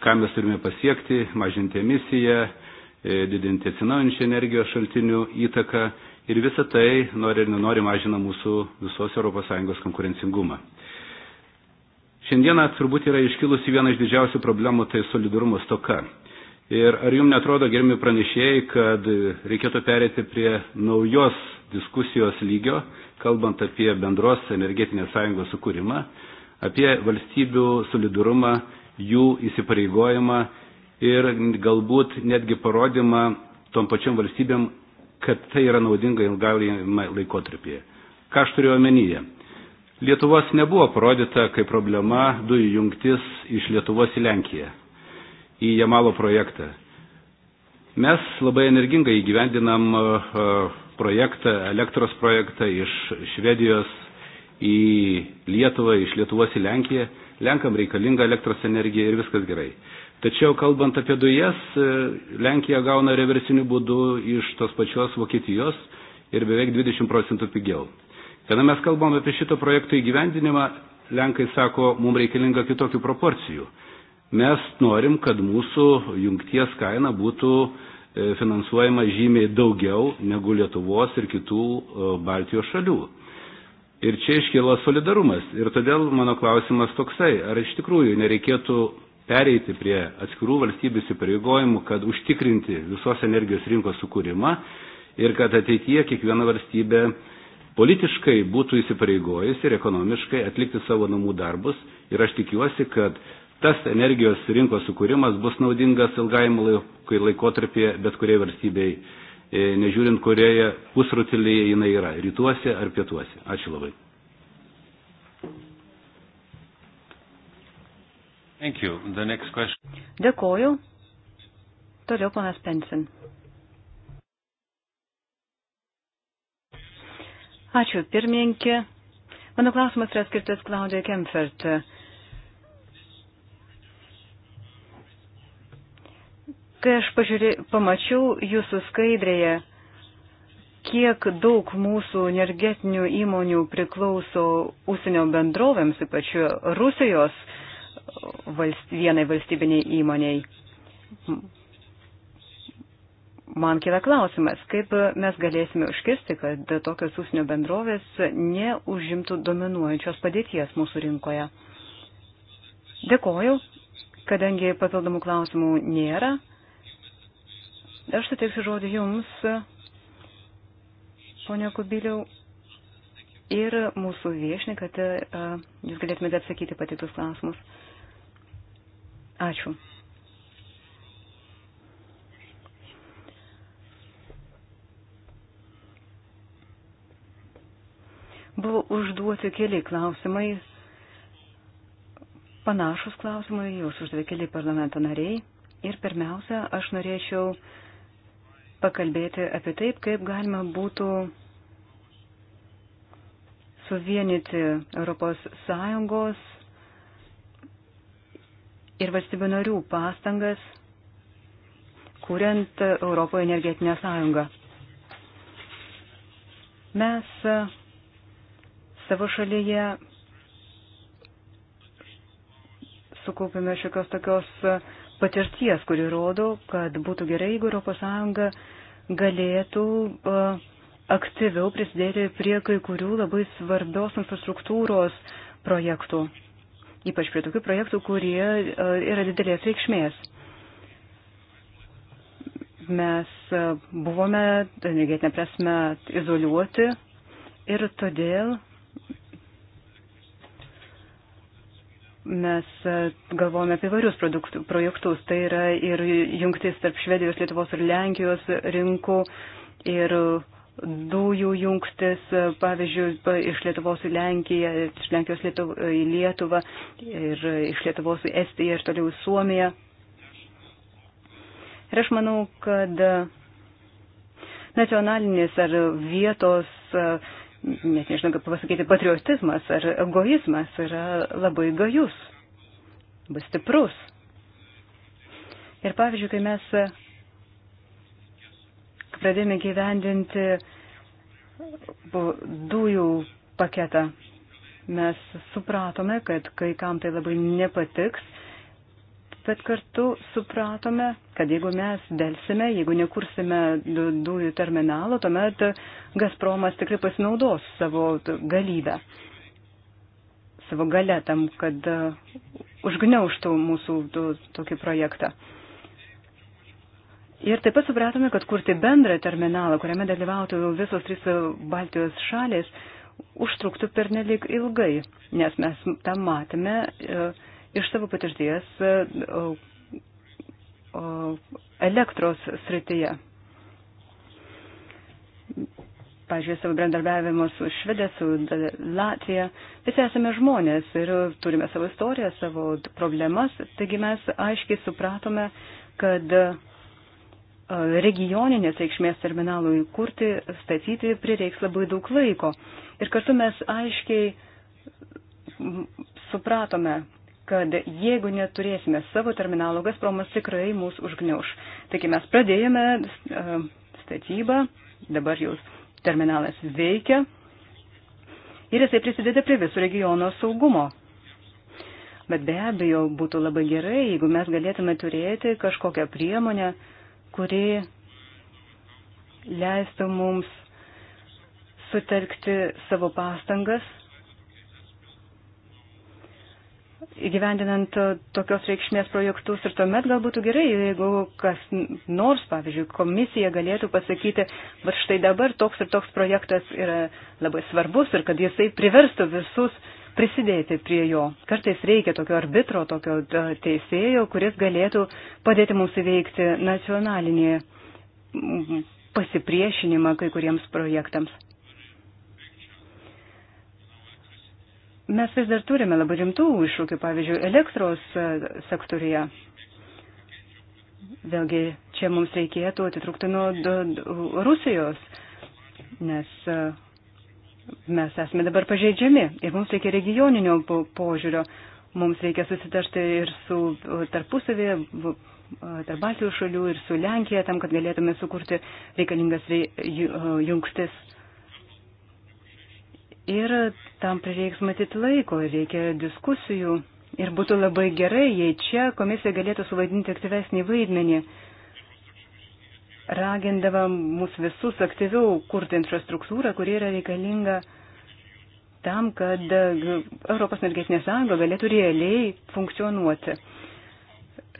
ką mes turime pasiekti, mažinti emisiją, e, didinti atsinaujančių energijos šaltinių įtaką ir visa tai, nori ir nenori, mažina mūsų visos ES konkurencingumą. Šiandieną turbūt yra iškilusi viena iš didžiausių problemų, tai solidarumo stoka. Ir ar jums netrodo, gerbimi pranešėjai, kad reikėtų perėti prie naujos diskusijos lygio, kalbant apie bendros energetinės sąjungos sukūrimą, apie valstybių solidarumą, jų įsipareigojimą ir galbūt netgi parodymą tom pačiom valstybėm, kad tai yra naudinga ilgalėjame laikotarpyje. Ką aš turiu omenyje? Lietuvos nebuvo parodyta kaip problema dujų jungtis iš Lietuvos į Lenkiją į Jamalo projektą. Mes labai energingai įgyvendinam e, e, projektą, elektros projektą iš Švedijos į Lietuvą, iš Lietuvos į Lenkiją. Lenkam reikalinga elektros energija ir viskas gerai. Tačiau kalbant apie dujas, e, Lenkija gauna reversinių būdų iš tos pačios Vokietijos ir beveik 20 procentų pigiau. Kada mes kalbam apie šito projekto įgyvendinimą, Lenkai sako, mums reikalinga kitokių proporcijų mes norim, kad mūsų jungties kaina būtų e, finansuojama žymiai daugiau negu Lietuvos ir kitų e, Baltijos šalių. Ir čia iškyla solidarumas. Ir todėl mano klausimas toksai, ar iš tikrųjų nereikėtų pereiti prie atskirų valstybių įsipareigojimų, kad užtikrinti visos energijos rinkos sukūrimą ir kad ateityje kiekviena valstybė politiškai būtų įsipareigojusi ir ekonomiškai atlikti savo namų darbus. Ir aš tikiuosi, kad tas energijos rinkos sukūrimas bus naudingas ilgaim laikotarpyje bet kuriai valstybei, e, nežiūrint kurioje pusrutilyje jinai yra, rytuose ar pietuose. Ačiū labai. Thank you. The next question. Dėkoju. Toliau ponas Pensin. Ačiū, pirmininkė. Mano klausimas yra skirtas Klaudija Kemfert. Kai aš pažiūrė, pamačiau jūsų skaidrėje, kiek daug mūsų energetinių įmonių priklauso užsienio bendrovėms, ypač Rusijos valst, vienai valstybiniai įmoniai. Man kila klausimas, kaip mes galėsime užkirsti, kad tokios užsienio bendrovės neužimtų dominuojančios padėties mūsų rinkoje. Dėkoju, kadangi papildomų klausimų nėra. Aš suteiksiu žodį Jums, ponia Kubiliau, ir mūsų viešni, kad Jūs galėtumėte atsakyti patiktus klausimus. Ačiū. Buvo užduoti keli klausimai, panašus klausimai, jūs uždavė keli parlamento nariai. Ir pirmiausia, aš norėčiau uh, pakalbėti apie taip, kaip galima būtų suvienyti Europos Sąjungos ir valstybių narių pastangas, kuriant Europoje energetinę sąjungą. Mes savo šalyje sukaupėme šiokios tokios patirties, kuri rodo, kad būtų gerai, jeigu Europos Sąjunga galėtų aktyviau prisidėti prie kai kurių labai svarbios infrastruktūros projektų, ypač prie tokių projektų, kurie yra didelės reikšmės. Mes buvome energetinė prasme izoliuoti ir todėl mes e, galvojame apie varius produktų, projektus. Tai yra ir jungtis tarp Švedijos, Lietuvos ir Lenkijos rinkų, ir dujų jungtis, e, pavyzdžiui, iš Lietuvos į Lenkiją, iš Lenkijos Lietuv į Lietuvą, ir iš Lietuvos į Estiją ir toliau į Suomiją. Ir aš manau, kad nacionalinės ar vietos uh, net nežinau, kaip pasakyti, patriotizmas ar egoizmas yra labai gajus, labai stiprus. Ir pavyzdžiui, kai mes pradėjome gyvendinti dujų paketą, mes supratome, kad kai kam tai labai nepatiks bet kartu supratome, kad jeigu mes dėlsime, jeigu nekursime dujų terminalo, tuomet Gazpromas tikrai pasinaudos savo galybę, savo galę tam, kad uh, užgneuštų mūsų tokį projektą. Ir taip pat supratome, kad kurti bendrą terminalą, kuriame dalyvautų visos trys Baltijos šalės, užtruktų pernelik ilgai, nes mes tą matėme. E, iš savo patirties e, elektros srityje. Pavyzdžiui, savo bendarbiavimo su Švedė, su Latvija. Visi esame žmonės ir turime savo istoriją, savo problemas. Taigi mes aiškiai supratome, kad e, regioninės reikšmės terminalų įkurti, statyti prireiks labai daug laiko. Ir kartu mes aiškiai supratome, kad jeigu neturėsime savo terminalo, Gazpromas tikrai mūsų užgniauš. Taigi mes pradėjome e, statybą, dabar jau terminalas veikia ir jisai prisideda prie viso regiono saugumo. Bet be abejo, būtų labai gerai, jeigu mes galėtume turėti kažkokią priemonę, kuri leistų mums sutelkti savo pastangas įgyvendinant tokios reikšmės projektus ir tuomet gal būtų gerai, jeigu kas nors, pavyzdžiui, komisija galėtų pasakyti, va štai dabar toks ir toks projektas yra labai svarbus ir kad jisai priverstų visus prisidėti prie jo. Kartais reikia tokio arbitro, tokio e, teisėjo, kuris galėtų padėti mums įveikti nacionalinį pasipriešinimą kai kuriems projektams. Mes vis dar turime labai rimtų iššūkių, pavyzdžiui, elektros e, sektorija. Vėlgi, čia mums reikėtų atitrūkti nuo Rusijos, nes e, mes esame dabar pažeidžiami ir mums reikia regioninio požiūrio. Mums reikia susitarti ir su e, tarpusavėje, tarp Baltijos šalių ir su Lenkija, tam, kad galėtume sukurti reikalingas jungtis. Re, Ir tam prireiks matyti laiko, reikia diskusijų. Ir būtų labai gerai, jei čia komisija galėtų suvaidinti aktyvesnį vaidmenį, ragindama mus visus aktyviau kurti infrastruktūrą, kuri yra reikalinga tam, kad Europos energetinė sąjunga galėtų realiai funkcionuoti.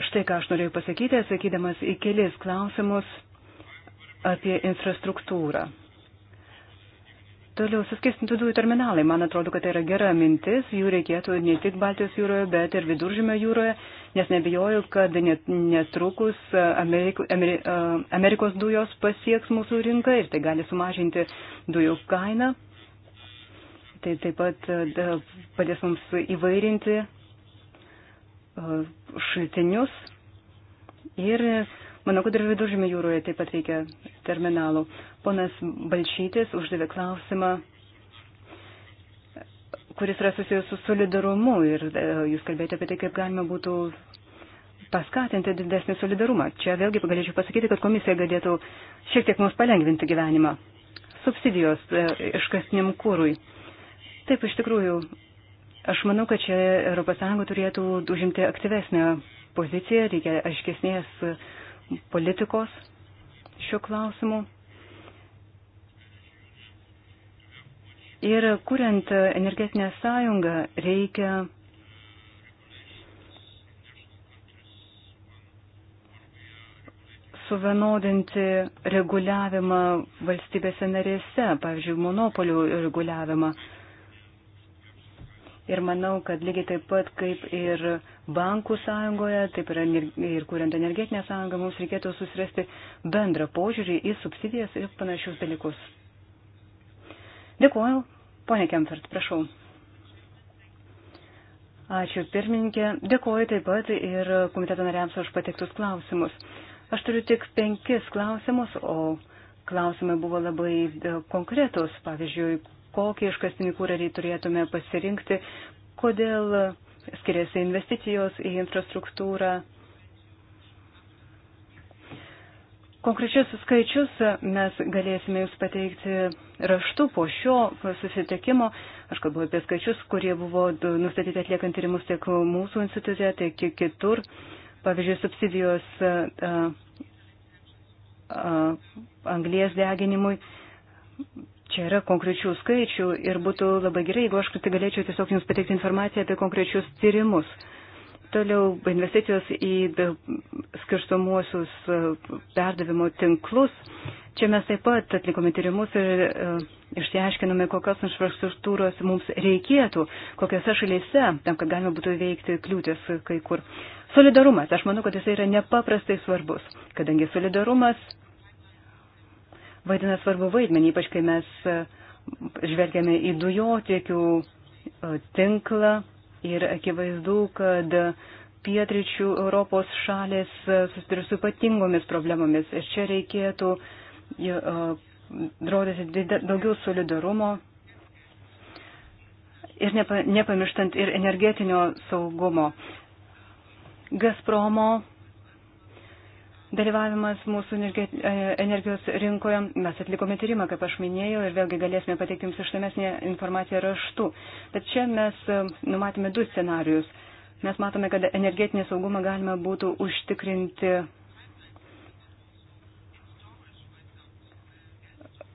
Štai ką aš norėjau pasakyti, sakydamas į kelis klausimus apie infrastruktūrą. Toliau, suskistintų dujų terminalai. Man atrodo, kad tai yra gera mintis. Jų reikėtų ne tik Baltijos jūroje, bet ir Viduržymio jūroje, nes nebijoju, kad net, netrukus Ameriko, Ameri, Amerikos dujos pasieks mūsų rinką ir tai gali sumažinti dujų kainą. Tai taip pat padės mums įvairinti šaltinius ir Manau, kad ir viduržymė jūroje taip pat reikia terminalų. Ponas Balčytis uždavė klausimą, kuris yra susijęs su solidarumu ir e, jūs kalbėjote apie tai, kaip galima būtų paskatinti didesnį solidarumą. Čia vėlgi galėčiau pasakyti, kad komisija galėtų šiek tiek mums palengvinti gyvenimą. Subsidijos e, iškastiniam kūrui. Taip, iš tikrųjų, Aš manau, kad čia ES turėtų užimti aktyvesnę poziciją, reikia aiškesnės politikos šiuo klausimu. Ir kuriant energetinę sąjungą reikia suvienodinti reguliavimą valstybėse narėse, pavyzdžiui, monopolių reguliavimą. Ir manau, kad lygiai taip pat kaip ir bankų sąjungoje, taip ir, ir kuriant energetinę sąjungą, mums reikėtų susirasti bendrą požiūrį į subsidijas ir panašius dalykus. Dėkuoju, ponė Kemfert, prašau. Ačiū pirmininkė, dėkuoju taip pat ir komiteto nariams už pateiktus klausimus. Aš turiu tik penkis klausimus, o klausimai buvo labai konkretus. Pavyzdžiui, kokį iškastinį kūrerį turėtume pasirinkti, kodėl skiriasi investicijos į infrastruktūrą. Konkrečius skaičius mes galėsime Jums pateikti raštu po šio susitikimo. Aš kalbu apie skaičius, kurie buvo nustatyti atliekant tyrimus tiek mūsų institute, tiek kitur. Pavyzdžiui, subsidijos a, a, anglies deginimui Čia yra konkrečių skaičių ir būtų labai gerai, jeigu aš tai galėčiau tiesiog Jums pateikti informaciją apie konkrečius tyrimus. Toliau investicijos į skirstomuosius e, perdavimo tinklus. Čia mes taip pat atlikome tyrimus ir e, išsiaiškinome, kokios infrastruktūros mums reikėtų, kokiose šalyse, tam, kad galima būtų veikti kliūtis kai kur. Solidarumas, aš manau, kad jis yra nepaprastai svarbus, kadangi solidarumas vaidina svarbu vaidmenį, ypač kai mes e, žvelgiame į dujotiekių e, tinklą ir akivaizdu, kad pietričių Europos šalės e, susiduria su ypatingomis problemomis. Ir čia reikėtų rodyti daugiau solidarumo ir nepamirštant ir energetinio saugumo. Gazpromo dalyvavimas mūsų e, energijos rinkoje. Mes atlikome tyrimą, kaip aš minėjau, ir vėlgi galėsime pateikti jums ištamesnį informaciją raštu. Bet čia mes e, numatėme du scenarius. Mes matome, kad energetinį saugumą galima būtų užtikrinti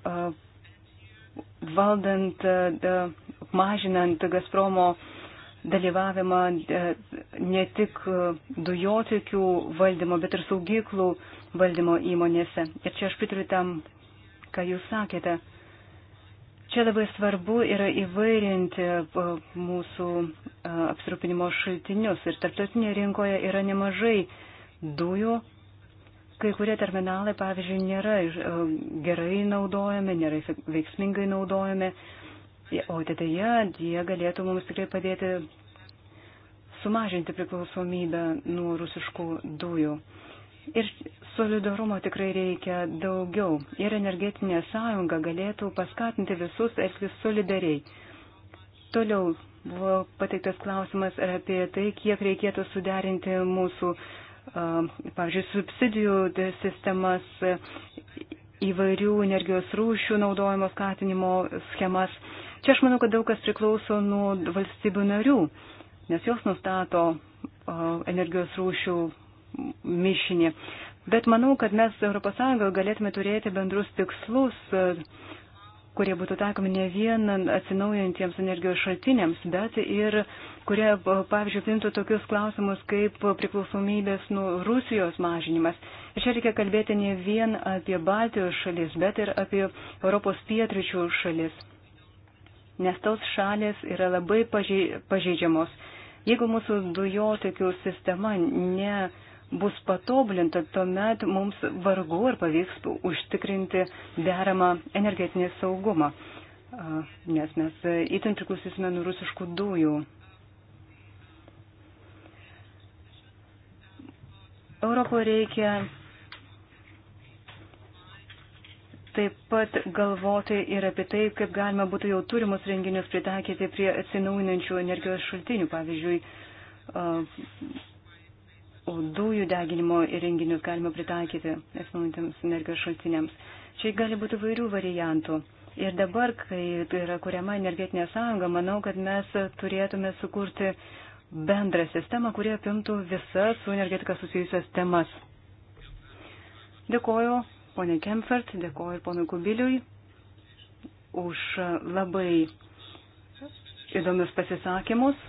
e, valdant, mažinant Gazpromo uh, dalyvavimą e, ne tik e, dujotikių valdymo, bet ir saugyklų valdymo įmonėse. Ir čia aš pritariu tam, ką jūs sakėte. Čia labai svarbu yra įvairinti e, mūsų apsirūpinimo šaltinius ir tarptautinėje rinkoje yra nemažai dujų. Kai kurie terminalai, pavyzdžiui, nėra gerai naudojami, nėra veiksmingai naudojami, O ateityje tai jie galėtų mums tikrai padėti sumažinti priklausomybę nuo rusiškų dujų. Ir solidarumo tikrai reikia daugiau. Ir energetinė sąjunga galėtų paskatinti visus elgtis solidariai. Toliau buvo pateiktas klausimas ir apie tai, kiek reikėtų suderinti mūsų, pavyzdžiui, subsidijų tai sistemas, įvairių energijos rūšių naudojimo skatinimo schemas. Čia aš manau, kad daug kas priklauso nuo valstybių narių, nes jos nustato energijos rūšių mišinį. Bet manau, kad mes ES galėtume turėti bendrus tikslus, kurie būtų taikomi ne vien atsinaujantiems energijos šaltiniams, bet ir kurie, pavyzdžiui, pintų tokius klausimus kaip priklausomybės nuo Rusijos mažinimas. Ir čia reikia kalbėti ne vien apie Baltijos šalis, bet ir apie Europos pietričių šalis nes tos šalės yra labai pažeidžiamos. Jeigu mūsų dujotekių sistema ne bus patobulinta, tuomet mums vargu ar pavyks užtikrinti deramą energetinį saugumą, nes mes itin priklausysime nuo rusiškų dujų. Europoje reikia taip pat galvoti ir apie tai, kaip galima būtų jau turimus renginius pritaikyti prie atsinaujinančių energijos šaltinių, pavyzdžiui, o dujų deginimo įrenginius galima pritaikyti atsinaujantiems energijos šaltiniams. Čia gali būti vairių variantų. Ir dabar, kai yra kuriama energetinė sąjunga, manau, kad mes turėtume sukurti bendrą sistemą, kurie apimtų visas su energetika susijusias temas. Dėkoju ponė Kemfert, dėkoju ir ponui Kubiliui už labai įdomius pasisakymus.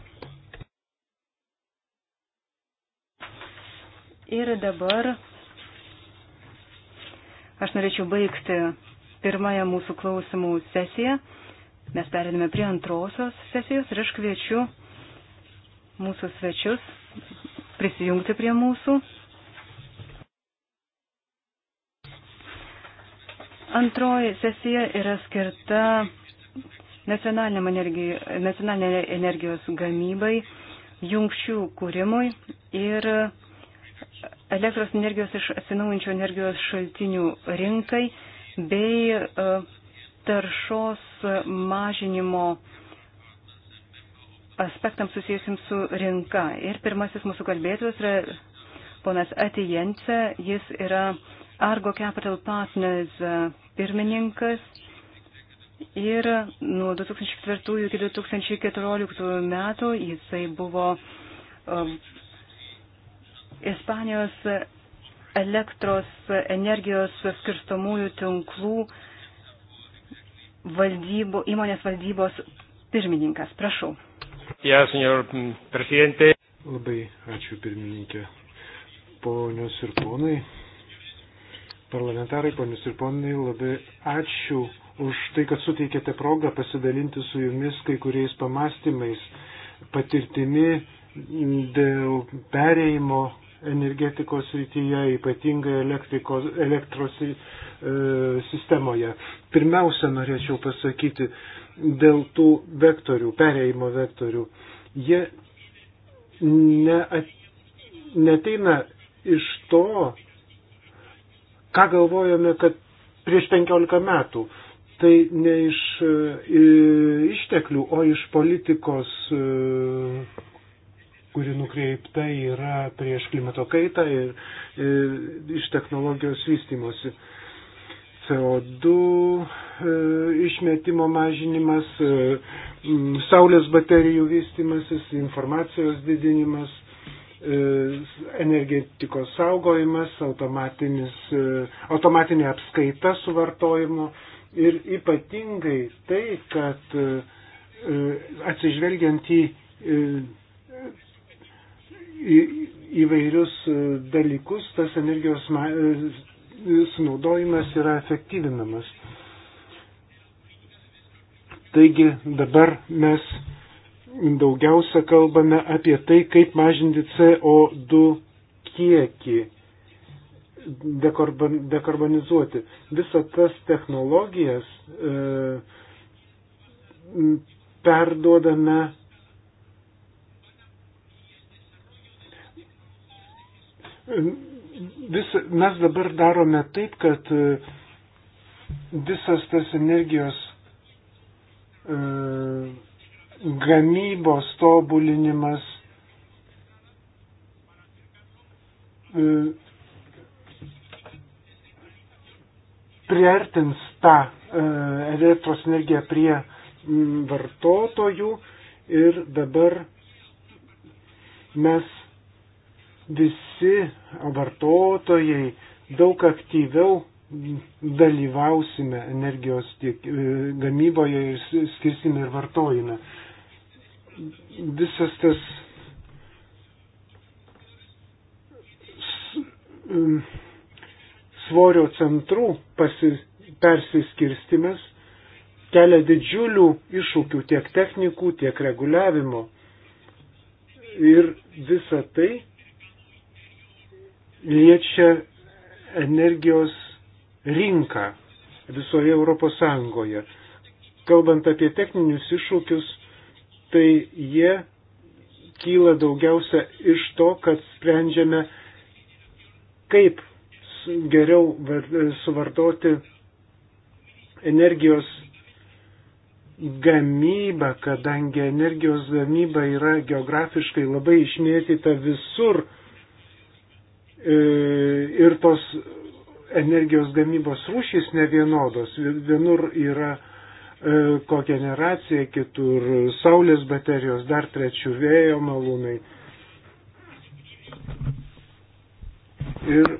Ir dabar aš norėčiau baigti pirmąją mūsų klausimų sesiją. Mes perėdame prie antrosios sesijos ir aš kviečiu mūsų svečius prisijungti prie mūsų. Antroji sesija yra skirta nacionaliniam energijų, nacionalinė energijos gamybai, jungčių kūrimui ir elektros energijos iš atsinaujančių energijos šaltinių rinkai bei e, taršos mažinimo aspektams susijusiams su rinka. Ir pirmasis mūsų kalbėtojas yra ponas Atijence, jis yra Argo Capital Partners e, pirmininkas ir nuo 2004 iki 2014 metų jisai buvo um, Ispanijos elektros energijos skirstomųjų tinklų valdybo, įmonės valdybos pirmininkas. Prašau. Ja, senor presidente. Labai ačiū pirmininkė. Ponios ir ponai, parlamentarai, ponius ir ponai, labai ačiū už tai, kad suteikėte progą pasidalinti su jumis kai kuriais pamastymais, patirtimi dėl pereimo energetikos rytyje, ypatingai elektros e, sistemoje. Pirmiausia, norėčiau pasakyti dėl tų vektorių, pereimo vektorių. Jie ne, neteina iš to, ką galvojome, kad prieš 15 metų. Tai ne iš e, išteklių, o iš politikos, e, kuri nukreipta yra prieš klimato kaitą ir, ir e, iš technologijos vystimosi. CO2 išmetimo mažinimas, saulės baterijų vystimasis, informacijos didinimas, E, energetikos saugojimas, e, automatinė apskaita suvartojimo ir ypatingai tai, kad e, atsižvelgiant į, į įvairius dalykus, tas energijos sunaudojimas yra efektyvinamas. Taigi dabar mes daugiausia kalbame apie tai, kaip mažinti CO2 kiekį, dekarban, dekarbonizuoti. Visą tas technologijas e, perduodame vis, mes dabar darome taip, kad e, visas tas energijos e, gamybos tobulinimas, e, priartins tą e, elektros energiją prie vartotojų ir dabar mes visi vartotojai daug aktyviau dalyvausime energijos tiek, e, gamyboje ir skirsime ir vartojime visas tas mm, svorio centrų pasi, persiskirstimas kelia didžiulių iššūkių tiek technikų, tiek reguliavimo. Ir visa tai liečia energijos rinką visoje Europos Sąjungoje. Kalbant apie techninius iššūkius, tai jie kyla daugiausia iš to, kad sprendžiame, kaip geriau suvartoti energijos gamyba, kadangi energijos gamyba yra geografiškai labai išmėtyta visur e, ir tos energijos gamybos rūšys nevienodos. Vienur yra E, kogeneracija, kitur saulės baterijos, dar trečių vėjo malūnai. Ir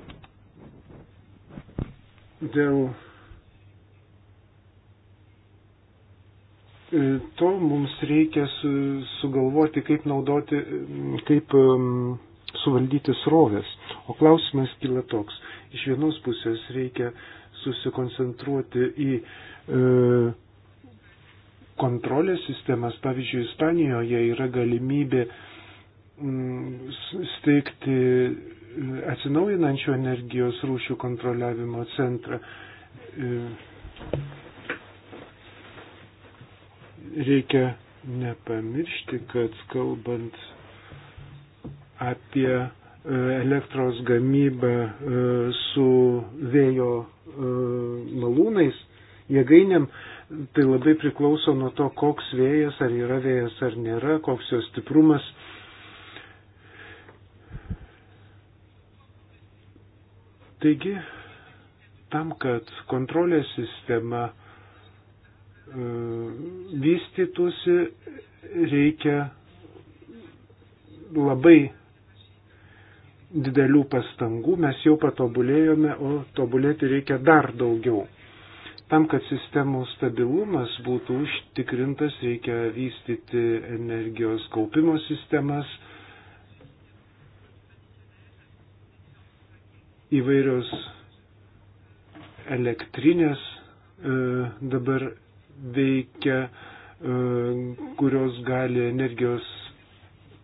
dėl e, to mums reikia su, sugalvoti, kaip naudoti, kaip um, suvaldyti srovės. O klausimas kyla toks. Iš vienos pusės reikia susikoncentruoti į uh, e, kontrolės sistemas. Pavyzdžiui, Ispanijoje yra galimybė mm, steigti e, atsinaujinančių energijos rūšių kontroliavimo centrą. E, reikia nepamiršti, kad kalbant apie e, elektros gamybą su vėjo malūnais, jėgainėm, Tai labai priklauso nuo to, koks vėjas, ar yra vėjas ar nėra, koks jo stiprumas. Taigi, tam, kad kontrolės sistema e, vystytųsi, reikia labai didelių pastangų, mes jau patobulėjome, o tobulėti reikia dar daugiau. Tam, kad sistemų stabilumas būtų užtikrintas, reikia vystyti energijos kaupimo sistemas, įvairios elektrinės e, dabar veikia, e, kurios gali energijos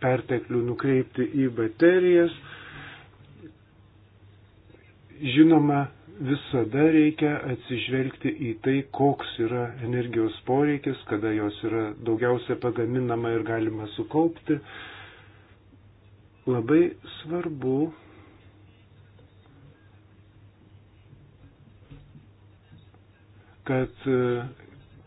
perteklių nukreipti į baterijas. Žinoma, visada reikia atsižvelgti į tai, koks yra energijos poreikis, kada jos yra daugiausia pagaminama ir galima sukaupti. Labai svarbu kad,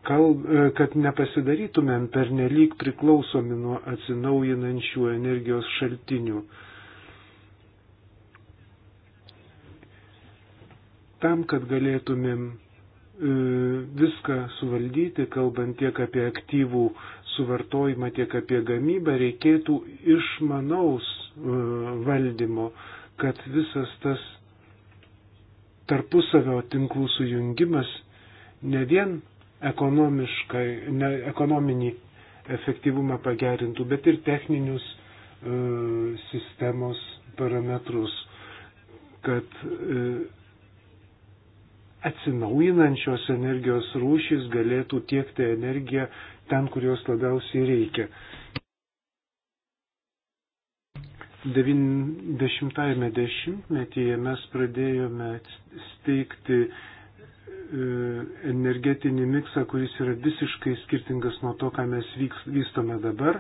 kalb, kad nepasidarytumėm pernelyg priklausomi nuo atsinaujinančių energijos šaltinių. Tam, kad galėtumėm e, viską suvaldyti, kalbant tiek apie aktyvų suvartojimą, tiek apie gamybą, reikėtų išmanaus e, valdymo, kad visas tas tarpusavio tinklų sujungimas ne vien ne, ekonominį efektyvumą pagerintų, bet ir techninius e, sistemos parametrus, kad e, atsinaujinančios energijos rūšys galėtų tiekti energiją ten, kur jos labiausiai reikia. 90-ame dešimtmetyje mes pradėjome steigti e, energetinį miksą, kuris yra visiškai skirtingas nuo to, ką mes vykst, vystome dabar.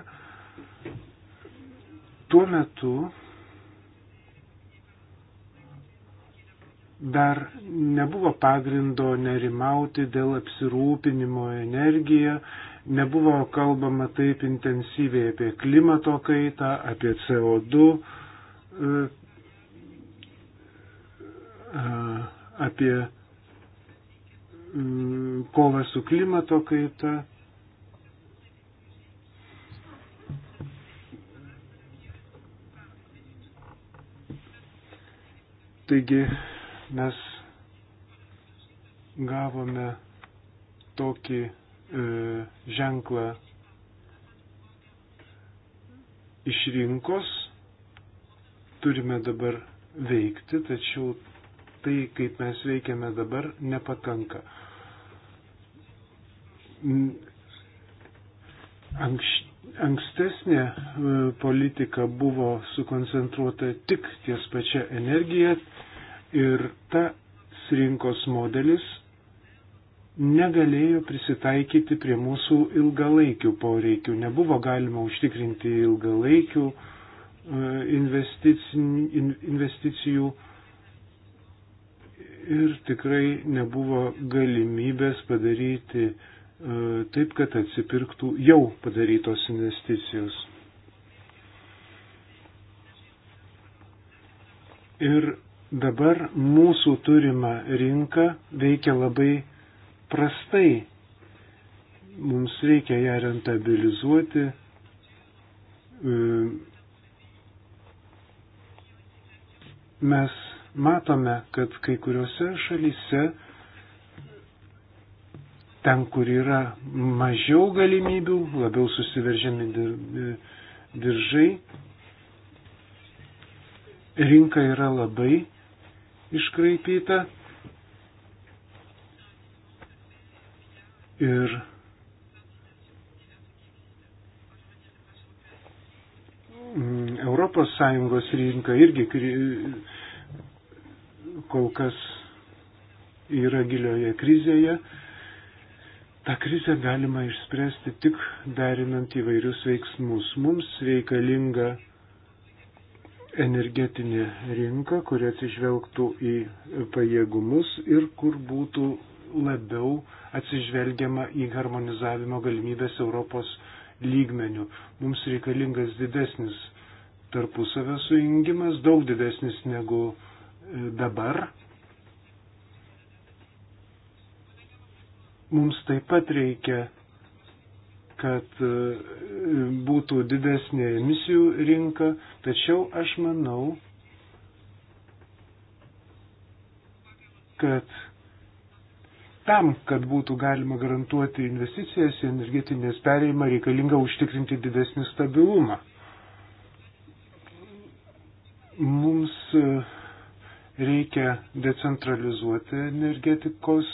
Tuo metu dar nebuvo pagrindo nerimauti dėl apsirūpinimo energiją, nebuvo kalbama taip intensyviai apie klimato kaitą, apie CO2, e, e, apie mm, kovą su klimato kaita. Taigi mes gavome tokį e, ženklą iš rinkos, turime dabar veikti, tačiau tai, kaip mes veikiame dabar, nepakanka. Anks, ankstesnė e, politika buvo sukoncentruota tik ties pačia energija, ir tas rinkos modelis negalėjo prisitaikyti prie mūsų ilgalaikių poreikių, nebuvo galima užtikrinti ilgalaikių e, investicijų ir tikrai nebuvo galimybės padaryti e, taip, kad atsipirktų jau padarytos investicijos. Ir Dabar mūsų turima rinka veikia labai prastai. Mums reikia ją rentabilizuoti. E, mes matome, kad kai kuriuose šalyse, ten, kur yra mažiau galimybių, labiau susiveržiami diržai, rinka yra labai iškraipyta. Ir Europos Sąjungos rinka irgi kol kas yra gilioje krizėje. Ta krizė galima išspręsti tik derinant įvairius veiksmus. Mums reikalinga energetinė rinka, kuri atsižvelgtų į pajėgumus ir kur būtų labiau atsižvelgiama į harmonizavimo galimybės Europos lygmenių. Mums reikalingas didesnis tarpusavio sujungimas, daug didesnis negu e, dabar. Mums taip pat reikia kad e, būtų didesnė emisijų rinka, tačiau aš manau, kad tam, kad būtų galima garantuoti investicijas į energetinės perėjimą, reikalinga užtikrinti didesnį stabilumą. Mums e, reikia decentralizuoti energetikos,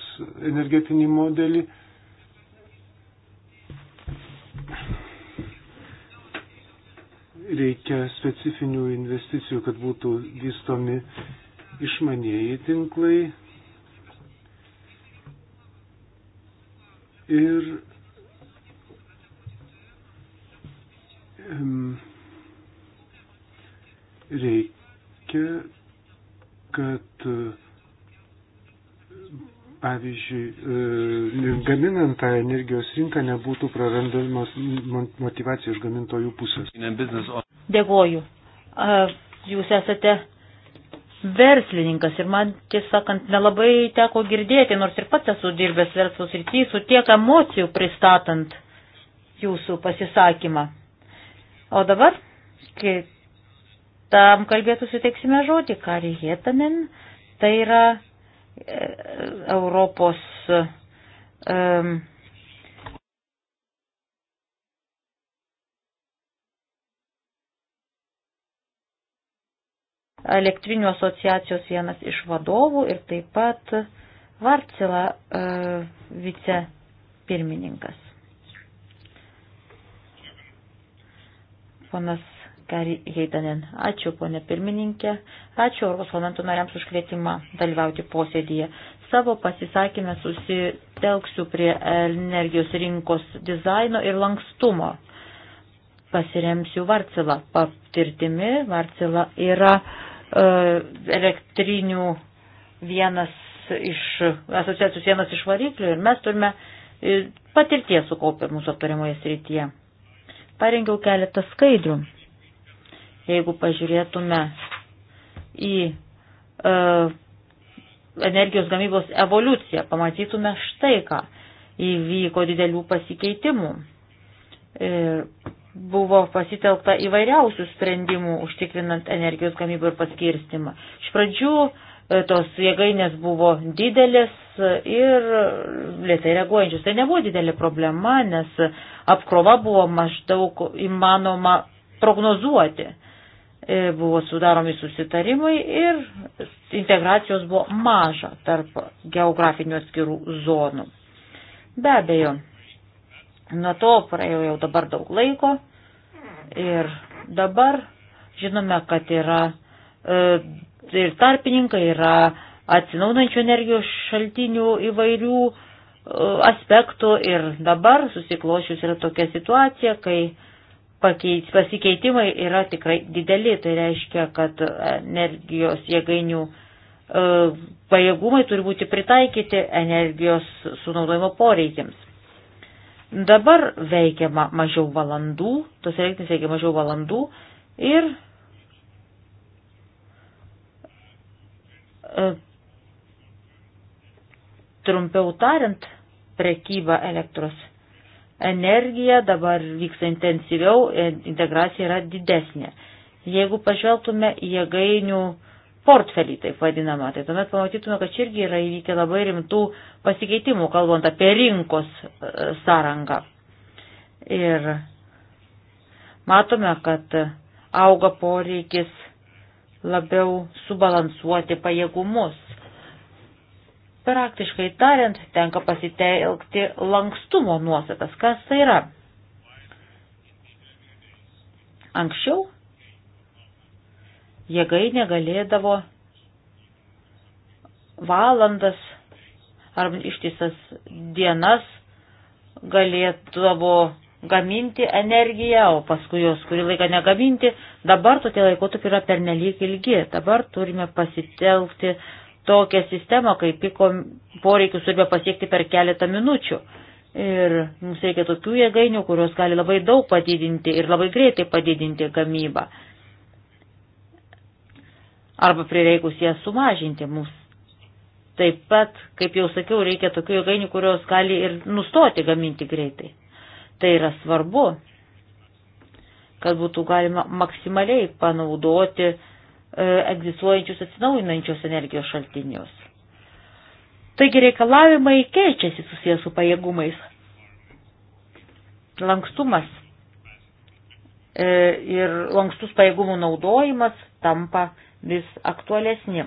energetinį modelį reikia specifinių investicijų, kad būtų vystomi išmanieji tinklai. Ir um, reikia, kad uh, pavyzdžiui, e, gaminant tą energijos rinką nebūtų prarandamas motivacija iš gamintojų pusės. Dėkoju. Jūs esate verslininkas ir man, tiesą sakant, nelabai teko girdėti, nors ir pats esu dirbęs verslo srity, su tiek emocijų pristatant jūsų pasisakymą. O dabar, kai tam kalbėtų suteiksime žodį, Kari Hietanin, tai yra Europos um, elektrinių asociacijos vienas iš vadovų ir taip pat Varcila uh, e, vicepirmininkas. Ponas Kari Heitanen. Ačiū, ponė pirmininkė. Ačiū Europos parlamento nariams už kvietimą dalyvauti posėdėje. Savo pasisakymę susitelksiu prie energijos rinkos dizaino ir lankstumo. Pasiremsiu Varcilą patirtimi. Varcila yra e, elektrinių vienas iš, asociacijos vienas iš variklių ir mes turime e, patirties sukaupę mūsų aptariamoje srityje. Parengiau keletą skaidrių Jeigu pažiūrėtume į e, energijos gamybos evoliuciją, pamatytume štai ką. Įvyko didelių pasikeitimų. Ir e, buvo pasitelkta įvairiausių sprendimų užtikrinant energijos gamybą ir paskirstimą. Iš pradžių e, tos jėgainės buvo didelės ir lietai reaguojančios. Tai nebuvo didelė problema, nes apkrova buvo maždaug įmanoma prognozuoti. E, buvo sudaromi susitarimai ir integracijos buvo maža tarp geografinių atskirų zonų. Be abejo, nuo to praėjo jau dabar daug laiko ir dabar žinome, kad yra e, ir tarpininkai, yra atsinaudančių energijos šaltinių įvairių e, aspektų ir dabar susiklošius yra tokia situacija, kai pakeis, pasikeitimai yra tikrai dideli, tai reiškia, kad e, energijos jėgainių e, pajėgumai turi būti pritaikyti energijos sunaudojimo poreikiams. Dabar veikiama mažiau valandų, tos elektrinės veikia mažiau valandų ir e, trumpiau tariant, prekyba elektros energija dabar vyksta intensyviau, e, integracija yra didesnė. Jeigu pažvelgtume į jėgainių portfelį, taip vadinamą, tai tuomet pamatytume, kad čia irgi yra įvykę labai rimtų pasikeitimų, kalbant apie rinkos e, sąrangą. Ir matome, kad auga poreikis labiau subalansuoti pajėgumus Praktiškai tariant, tenka pasitelkti lankstumo nuostatas. Kas tai yra? Anksčiau jėgai negalėdavo valandas ar ištisas dienas galėdavo gaminti energiją, o paskui jos kurį laiką negaminti. Dabar tokie laikotarpiai yra pernelyg ilgi. Dabar turime pasitelkti tokią sistemą, kai piko poreikius turime pasiekti per keletą minučių. Ir mums reikia tokių jėgainių, kurios gali labai daug padidinti ir labai greitai padidinti gamybą. Arba prireikus ją sumažinti mums. Taip pat, kaip jau sakiau, reikia tokių jėgainių, kurios gali ir nustoti gaminti greitai. Tai yra svarbu, kad būtų galima maksimaliai panaudoti uh, E, egzistuojančius atsinaujinančios energijos šaltinius. Taigi reikalavimai keičiasi susijęs su pajėgumais. Lankstumas e, ir lankstus pajėgumų naudojimas tampa vis aktualesni.